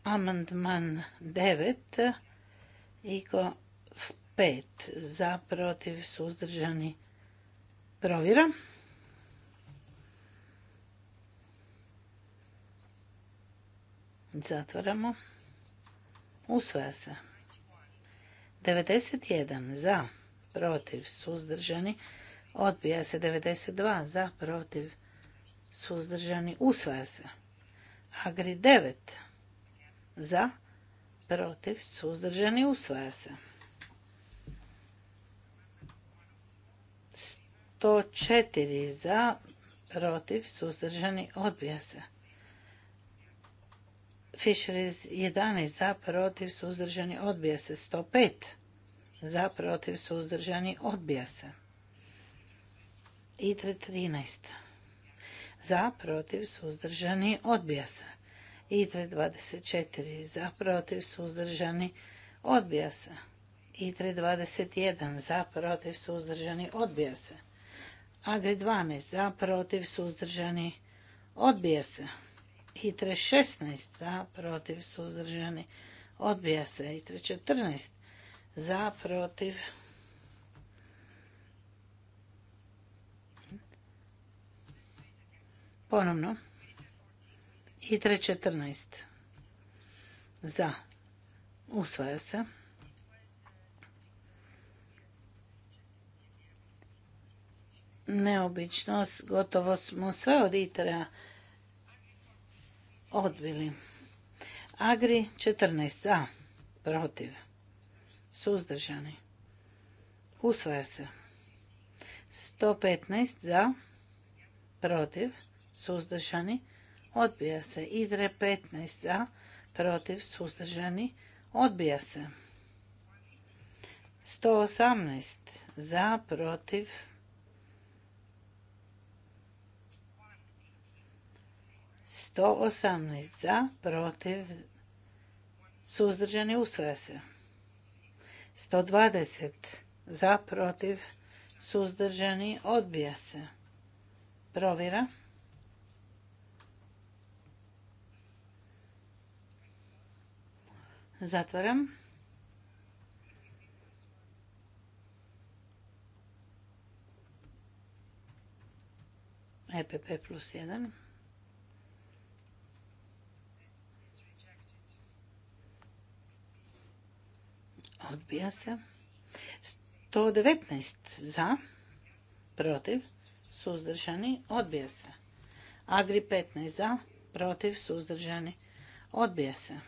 Amandman 9 i ko 5 za protiv suzdržani provjera. Zatvaramo. Usvaja se. 91 za protiv suzdržani odbija se. 92 za protiv suzdržani usvaja se. Agri 9 za, protiv, suzdržani, usvaja se. 104 za, protiv, suzdržani, odbija se. Fisher 11 za, protiv, suzdržani, odbija se. 105 za, protiv, suzdržani, odbija se. ITRE 13 za, protiv, suzdržani, odbija se i tre 24 za protiv suzdržani odbija se. tre 21 za protiv suzdržani odbija se. AGRI 12 za protiv suzdržani odbija se. tre 16 za protiv suzdržani odbija se. tre 14 za protiv ponovno i 14 Za. Usvaja se. Neobično, gotovo smo sve od itera odbili. Agri 14. Za. Protiv. Suzdržani. Usvaja se. 115 za, protiv, suzdržani, odbija se. Izre 15 za, protiv, suzdržani, odbija se. 118 za, protiv, Sto osamnaest za, protiv, suzdržani usvaja se. 120 za, protiv, suzdržani odbija se. Provjera. Zatvaram. EPP plus 1. Odbija se. 119 za, protiv, suzdržani, odbija se. Agri 15 za, protiv, suzdržani, odbija se.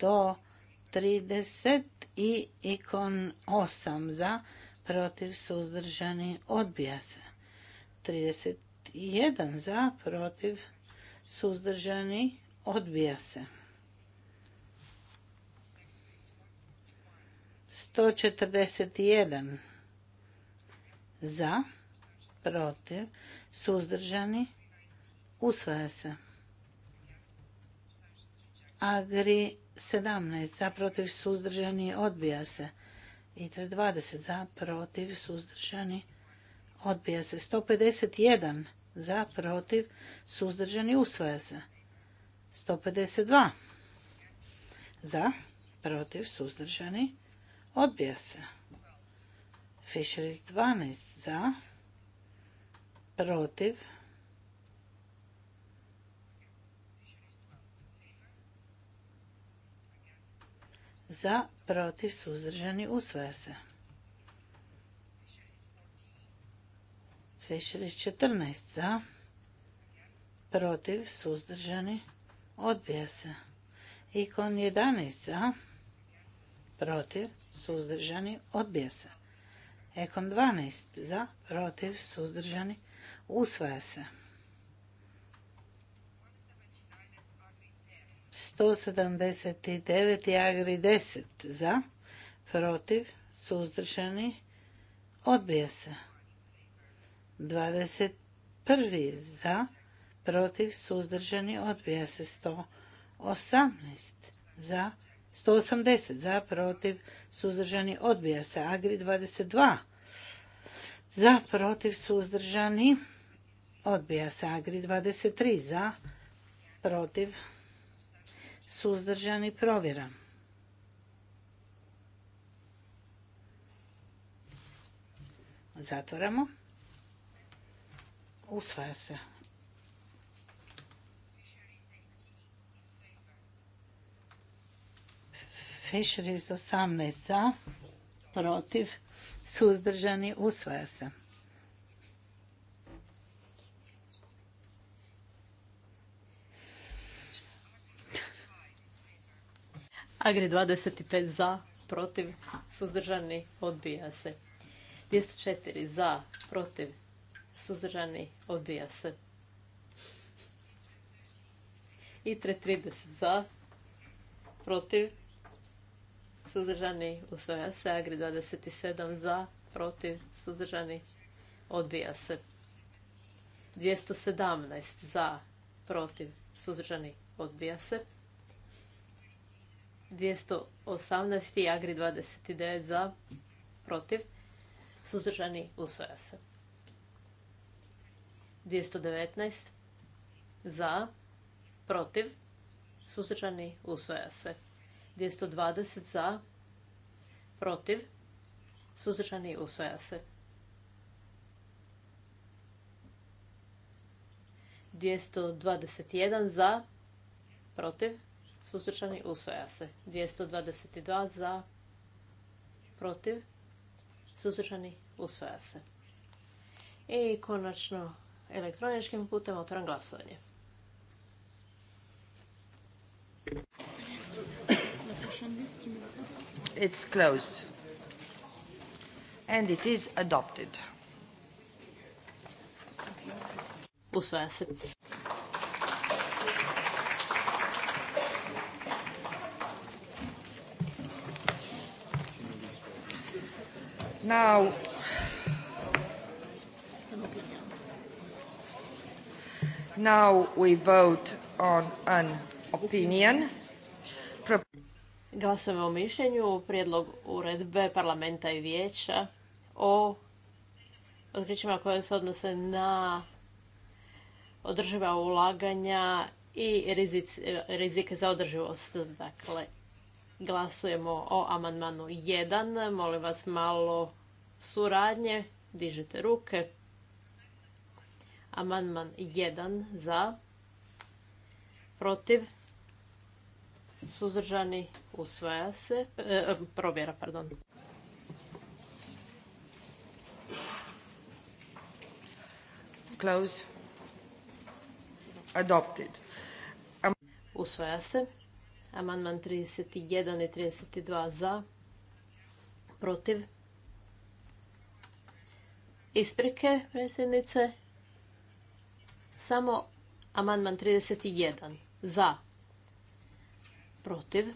130 i ikon 8 za, protiv suzdržani odbija se. 31 za, protiv suzdržani odbija se. 141 za, protiv, suzdržani, usvaja se. Agri 17 za protiv suzdržani odbija se. I 20 za protiv suzdržani odbija se. 151 za protiv suzdržani usvaja se. 152 za protiv suzdržani odbija se. Fisheries 12 za protiv za, protiv, suzdržani, usvaja se. 14. za, protiv, suzdržani, odbija se. Ikon 11 za, protiv, suzdržani, odbija se. Ekon 12 za, protiv, suzdržani, usvaja se. 179 i Agri 10 za, protiv, suzdržani, odbija se. 21 za, protiv, suzdržani, odbija se. 118 za, 180 za, protiv, suzdržani, odbija se. Agri 22 za, protiv, suzdržani, odbija se. Agri 23 za, protiv, suzdržani, suzdržani provjera. Zatvoramo. Usvaja se. Fisher iz 18 za, protiv, suzdržani, usvaja se. Agri 25 za, protiv, suzdržani, odbija se. 204 za, protiv, suzdržani, odbija se. I 330 za, protiv, suzdržani, usvoja se. Agri 27 za, protiv, suzdržani, odbija se. 217 za, protiv, suzdržani, odbija se. 218 Agri 29 za, protiv, suzdržani usvoja se. 219 za, protiv, suzdržani usvoja se. 220 za, protiv, suzdržani usvoja se. 221 za, protiv, suzdržani, usvaja se. 222 za, protiv, suzdržani, usvaja se. I konačno elektroničkim putem otvoram glasovanje. It's closed. And it is adopted. Usvaja se. Now, now we vote on an opinion. Glasujemo o mišljenju prijedlog uredbe parlamenta i vijeća o otkrićima koje se odnose na održiva ulaganja i rizike za održivost. Dakle, Glasujemo o amandmanu 1. Molim vas malo suradnje. Dižite ruke. Amandman 1 za. Protiv. Suzdržani usvaja se. E, provjera, pardon. Close. Adopted. Usvaja se. Amandman 31 i 32 za. Protiv. Isprike, predsjednice. Samo amandman 31 za. Protiv.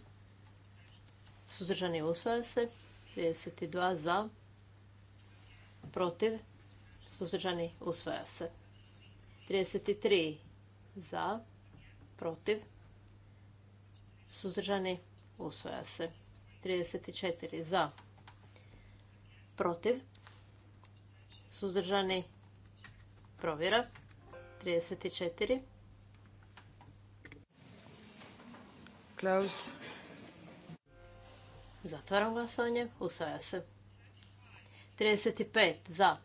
Suzdržani usvaja se. 32 za. Protiv. Suzdržani usvaja se. 33 za. Protiv suzdržani, usvaja se. 34 za, protiv, suzdržani, provjera. 34. Close. Zatvaram glasovanje, usvaja se. 35 za,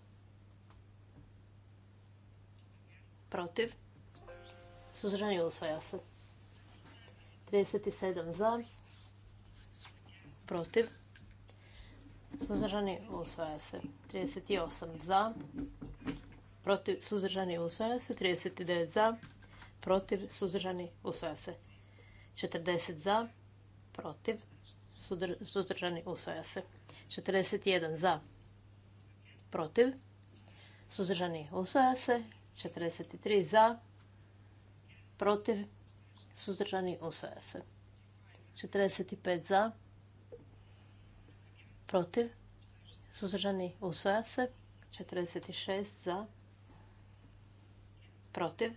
protiv, suzdržani, usvaja se. 37 za, protiv, suzdržani usvaja se. 38 za, protiv, suzdržani usvaja se. 39 za, protiv, suzdržani usvaja se. 40 za, protiv, suzdržani usvaja se. 41 za, protiv, suzdržani usvaja se. 43 za, protiv, suzdržani, osvaja se. 45 za, protiv, suzdržani, usvaja se. 46 za, protiv,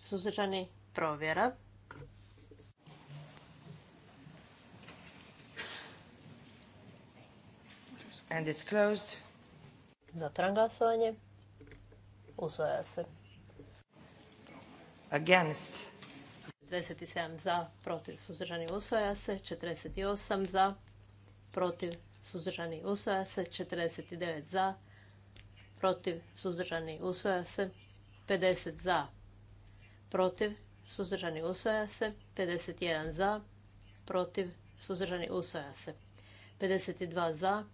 suzdržani, provjera. And it's closed. Zatran glasovanje. Usvaja se. Against. 47 za, protiv, suzdržani, usvaja se. 48 za, protiv, suzdržani, usvaja se. 49 za, protiv, suzdržani, usvaja se. 50 za, protiv, suzdržani, usvaja se. 51 za, protiv, suzdržani, usvaja se. 52 za,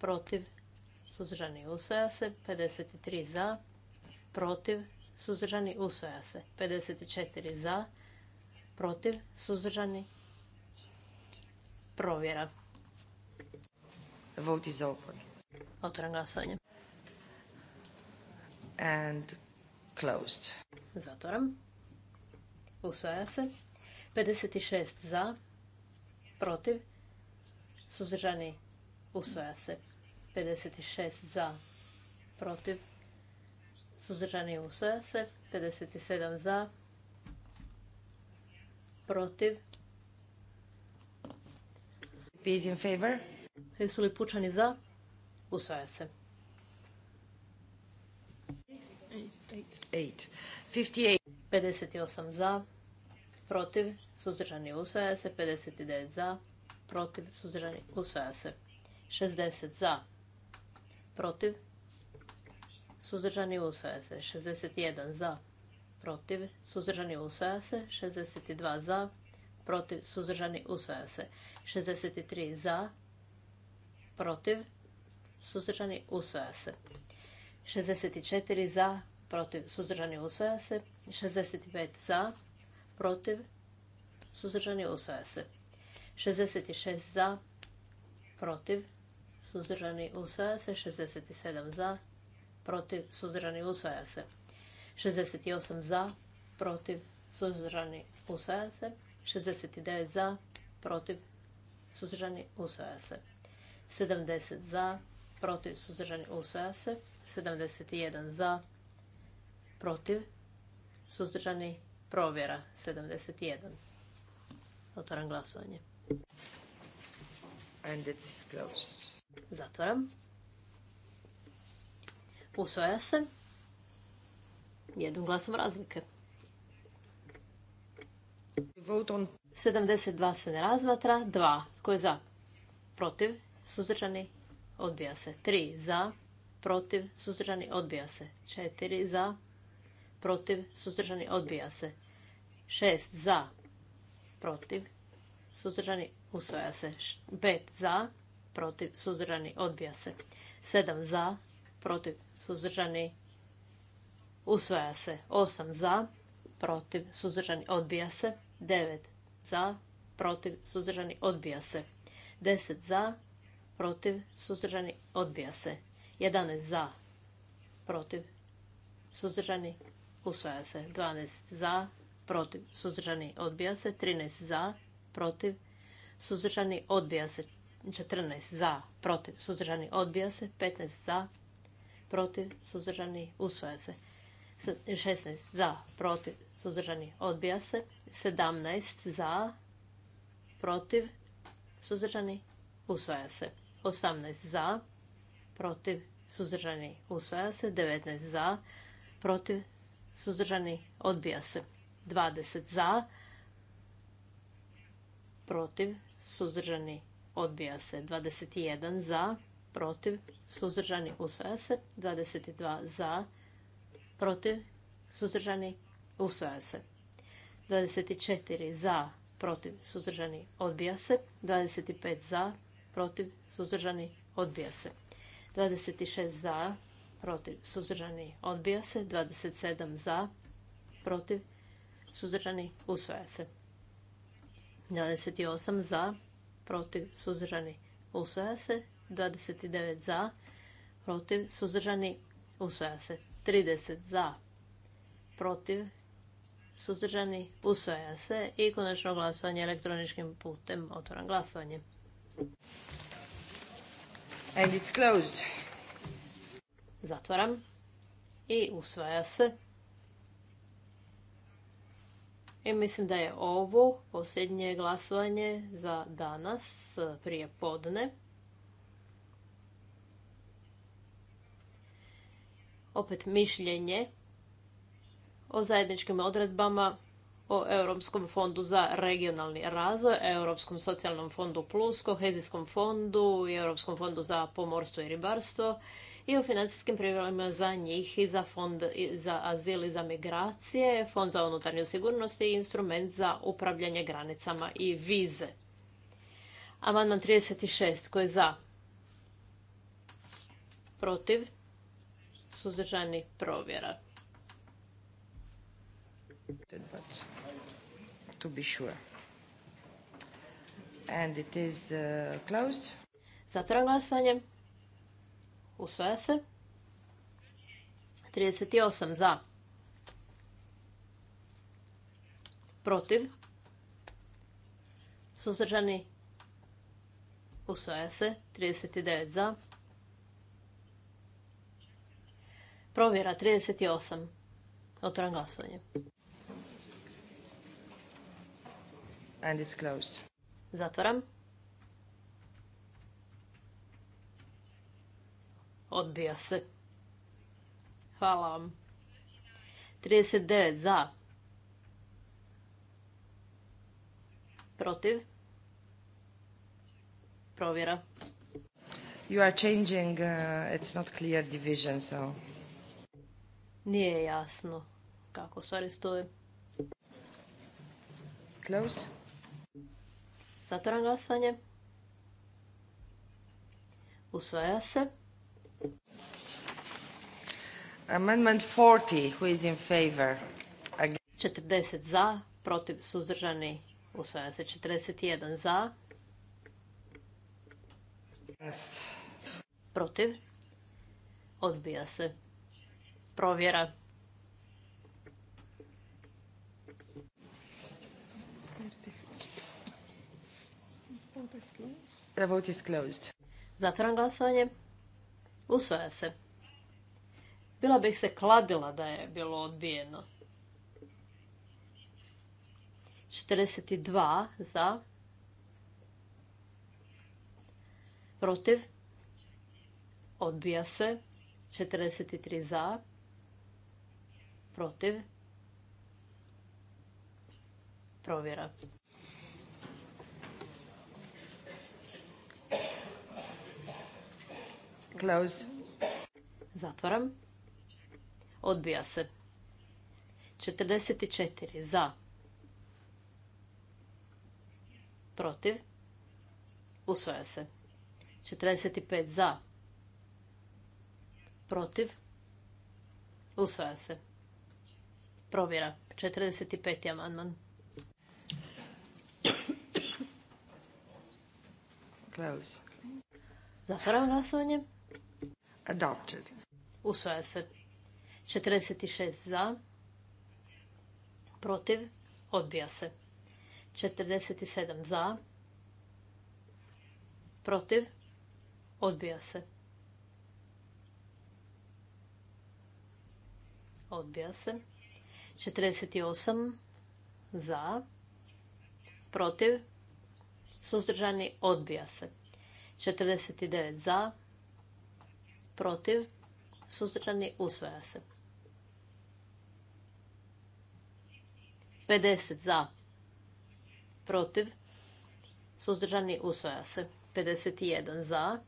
protiv, suzdržani, usvaja se. 53 za, protiv, suzdržani, usvaja se. 54 za, protiv, suzdržani, provjera. vote is Otvoren glasovanje. And closed. Zatvoram. Usvaja se. 56 za, protiv, suzdržani, usvaja se. 56 za, protiv, suzdržani, usvaja se. 57 za, Protiv? Is in favor? Jesu li pučani za? Usvaja se. 58 za, protiv, suzdržani usvaja se, 59 za, protiv, suzdržani usvaja se, 60 za, protiv, suzdržani usvaja se, 61 za, protiv, suzdržani usvaja se. 62 za, protiv, suzdržani usvaja se. 63 za, protiv, suzdržani usvaja se. 64 za, protiv, suzdržani usvaja se. 65 za, protiv, suzdržani usvaja se. 66 za, protiv, suzdržani usvaja se. 67 za, protiv, suzdržani usvaja se. 68 za, protiv, suzdržani, usvaja se. 69 za, protiv, suzdržani, usvaja se. 70 za, protiv, suzdržani, usvaja se. 71 za, protiv, suzdržani, provjera. 71. Otvaram glasovanje. And it's closed. Zatvaram. se jednom glasom razlike. 72 se ne razmatra, 2. Tko je za? Protiv, suzdržani, odbija se. 3 za, protiv, suzdržani, odbija se. 4 za, protiv, suzdržani, odbija se. 6 za, protiv, suzdržani, usvoja se. 5 za, protiv, suzdržani, odbija se. 7 za, protiv, suzdržani, Usvaja se 8 za, protiv, suzdržani, odbija se. 9 za, protiv, suzdržani, odbija se. 10 za, protiv, suzdržani, odbija se. 11 za, protiv, suzdržani, usvaja se. 12 za, protiv, suzdržani, odbija se. 13 za, protiv, suzdržani, odbija se. 14 za, protiv, suzdržani, odbija se. 15 za, protiv, suzdržani, usvaja se. 16 za, protiv, suzdržani, odbija se. 17 za, protiv, suzdržani, usvaja se. 18 za, protiv, suzdržani, usvaja se. 19 za, protiv, suzdržani, odbija se. 20 za, protiv, suzdržani, odbija se. 21 za, protiv, suzdržani, usvaja se. 22 za, protiv, protiv, suzdržani, usvaja se. 24 za, protiv, suzdržani, odbija se. 25 za, protiv, suzdržani, odbija se. 26 za, protiv, suzdržani, odbija se. 27 za, protiv, suzdržani, usvaja se. 28 za, protiv, suzdržani, usvaja se. 29 za, protiv, suzdržani, usvaja se. 30 za, protiv, suzdržani, usvaja se i konačno glasovanje elektroničkim putem. Otvoram glasovanje. And it's closed. Zatvaram i usvaja se. I mislim da je ovo posljednje glasovanje za danas prije podne. opet mišljenje o zajedničkim odredbama o Europskom fondu za regionalni razvoj, Europskom socijalnom fondu plus, kohezijskom fondu i Europskom fondu za pomorstvo i ribarstvo i o financijskim pravilima za njih i za fond za azil i za migracije, fond za unutarnju sigurnost i instrument za upravljanje granicama i vize. Amandman 36. koji je za? Protiv? suzdržani provjera. To be sure. And it is uh, closed. Zatvoram glasanje. Usvaja se. 38 za. Protiv. Suzdržani. Usvaja se. 39 za. Provjera 38. Otvoram glasovanje. And it's closed. Zatvoram. Odbija se. Hvala vam. 39 za. Protiv. Provjera. You are changing, uh, it's not clear division, so... Nije jasno kako stvari stoje. Closed. Zatvoram glasanje. Usvaja se. Amendment 40, who is in favor? 40 za, protiv suzdržani. Usvaja se 41 za. Protiv. Odbija se provjera. The vote is Zatvoram glasovanje. Usvoja se. Bila bih se kladila da je bilo odbijeno. 42 za. Protiv. Odbija se. 43 za protiv, provjera. Close. Zatvaram. Odbija se. 44 za. Protiv. Usvaja se. 45 za. Protiv. Usvaja se. Provjera. 45. amandman. Close. Zatvaram glasovanje. Adopted. Usvaja se. 46 za. Protiv. Odbija se. 47 za. Protiv. Odbija se. Odbija se. 48 za, protiv, suzdržani odbija se. 49 za, protiv, suzdržani usvaja se. 50 za, protiv, suzdržani usvaja se. 51 za,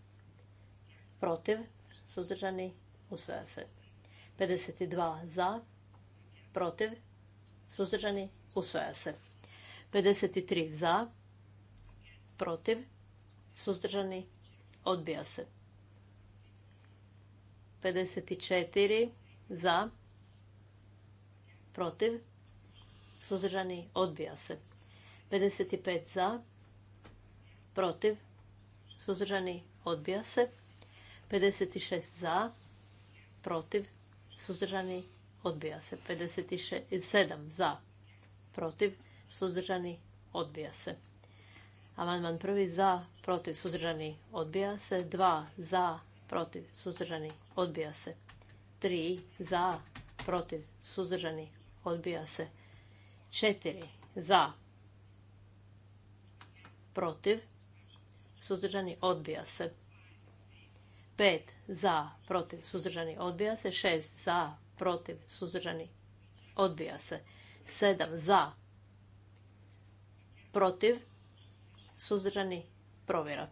protiv, suzdržani usvaja se. 52 za, protiv, suzdržani, usvaja se. 53 za, protiv, suzdržani, odbija se. 54 za, protiv, suzdržani, odbija se. 55 za, protiv, suzdržani, odbija se. 56 za, protiv, suzdržani, odbija se. 57 za, protiv, suzdržani, odbija se. Amandman prvi za, protiv, suzdržani, odbija se. 2 za, protiv, suzdržani, odbija se. 3 za, protiv, suzdržani, odbija se. 4 za, protiv, suzdržani, odbija se. 5 za, protiv, suzdržani, odbija se. 6 za, protiv, suzdržani, odbija se. 7 za, protiv, suzdržani, provjera.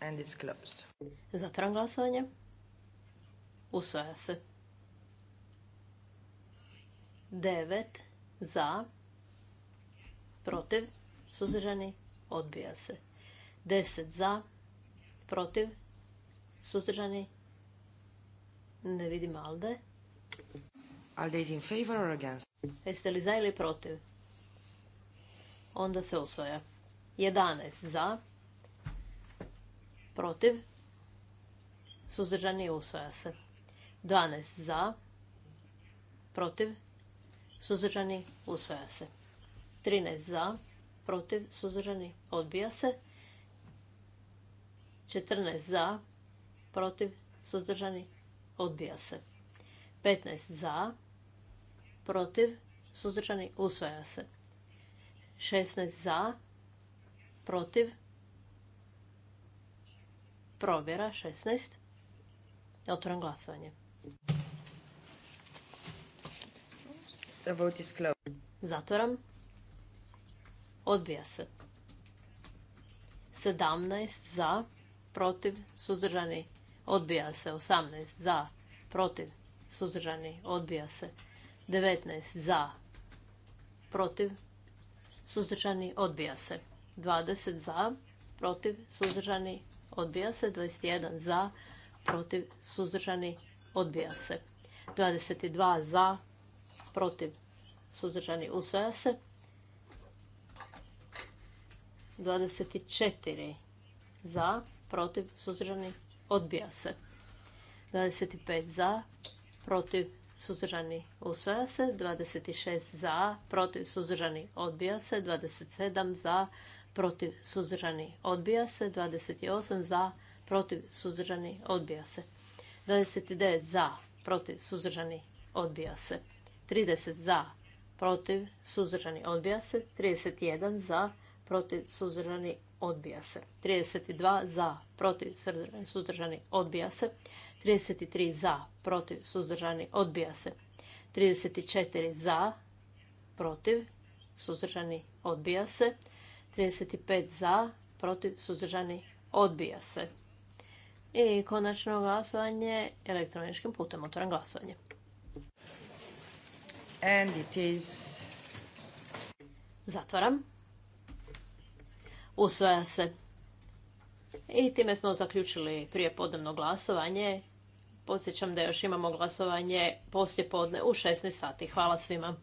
And it's closed. glasovanje. Usvaja se. 9 za, protiv, suzdržani, odbija se. 10 za, protiv, Suzdržani? Ne vidim Alde. Alde is in favor or against? Jeste li za ili protiv? Onda se usvoja. 11 za. Protiv. Suzdržani usvoja se. 12 za. Protiv. Suzdržani usvoja se. 13 za. Protiv. Suzdržani odbija se. 14 za protiv, suzdržani, odbija se. 15 za, protiv, suzdržani, usvaja se. 16 za, protiv, provjera 16. Otvoram glasovanje. Zatvoram. Odbija se. 17 za, protiv, suzdržani, odbija se. 18 za, protiv, suzdržani, odbija se. 19 za, protiv, suzdržani, odbija se. 20 za, protiv, suzdržani, odbija se. 21 za, protiv, suzdržani, odbija se. 22 za, protiv, suzdržani, usvaja se. 24 za, protiv, suzdržani, Odbija se. 25 za, protiv, suzdržani, usvaja se. 26 za, protiv, suzdržani, odbija se. 27 za, protiv, suzdržani, odbija se. 28 za, protiv, suzdržani, odbija se. 29 za, protiv, suzdržani, odbija se. 30 za, protiv, suzdržani, odbija se. 31 za, protiv, suzdržani, odbija se. 32 za, protiv, suzdržani, odbija se. 33 za, protiv, suzdržani, odbija se. 34 za, protiv, suzdržani, odbija se. 35 za, protiv, suzdržani, odbija se. I konačno glasovanje elektroničkim putem. Otvoram glasovanje. And it is... Zatvaram. Usvaja se. I time smo zaključili prije podnevno glasovanje. Podsjećam da još imamo glasovanje poslije podne u 16 sati. Hvala svima.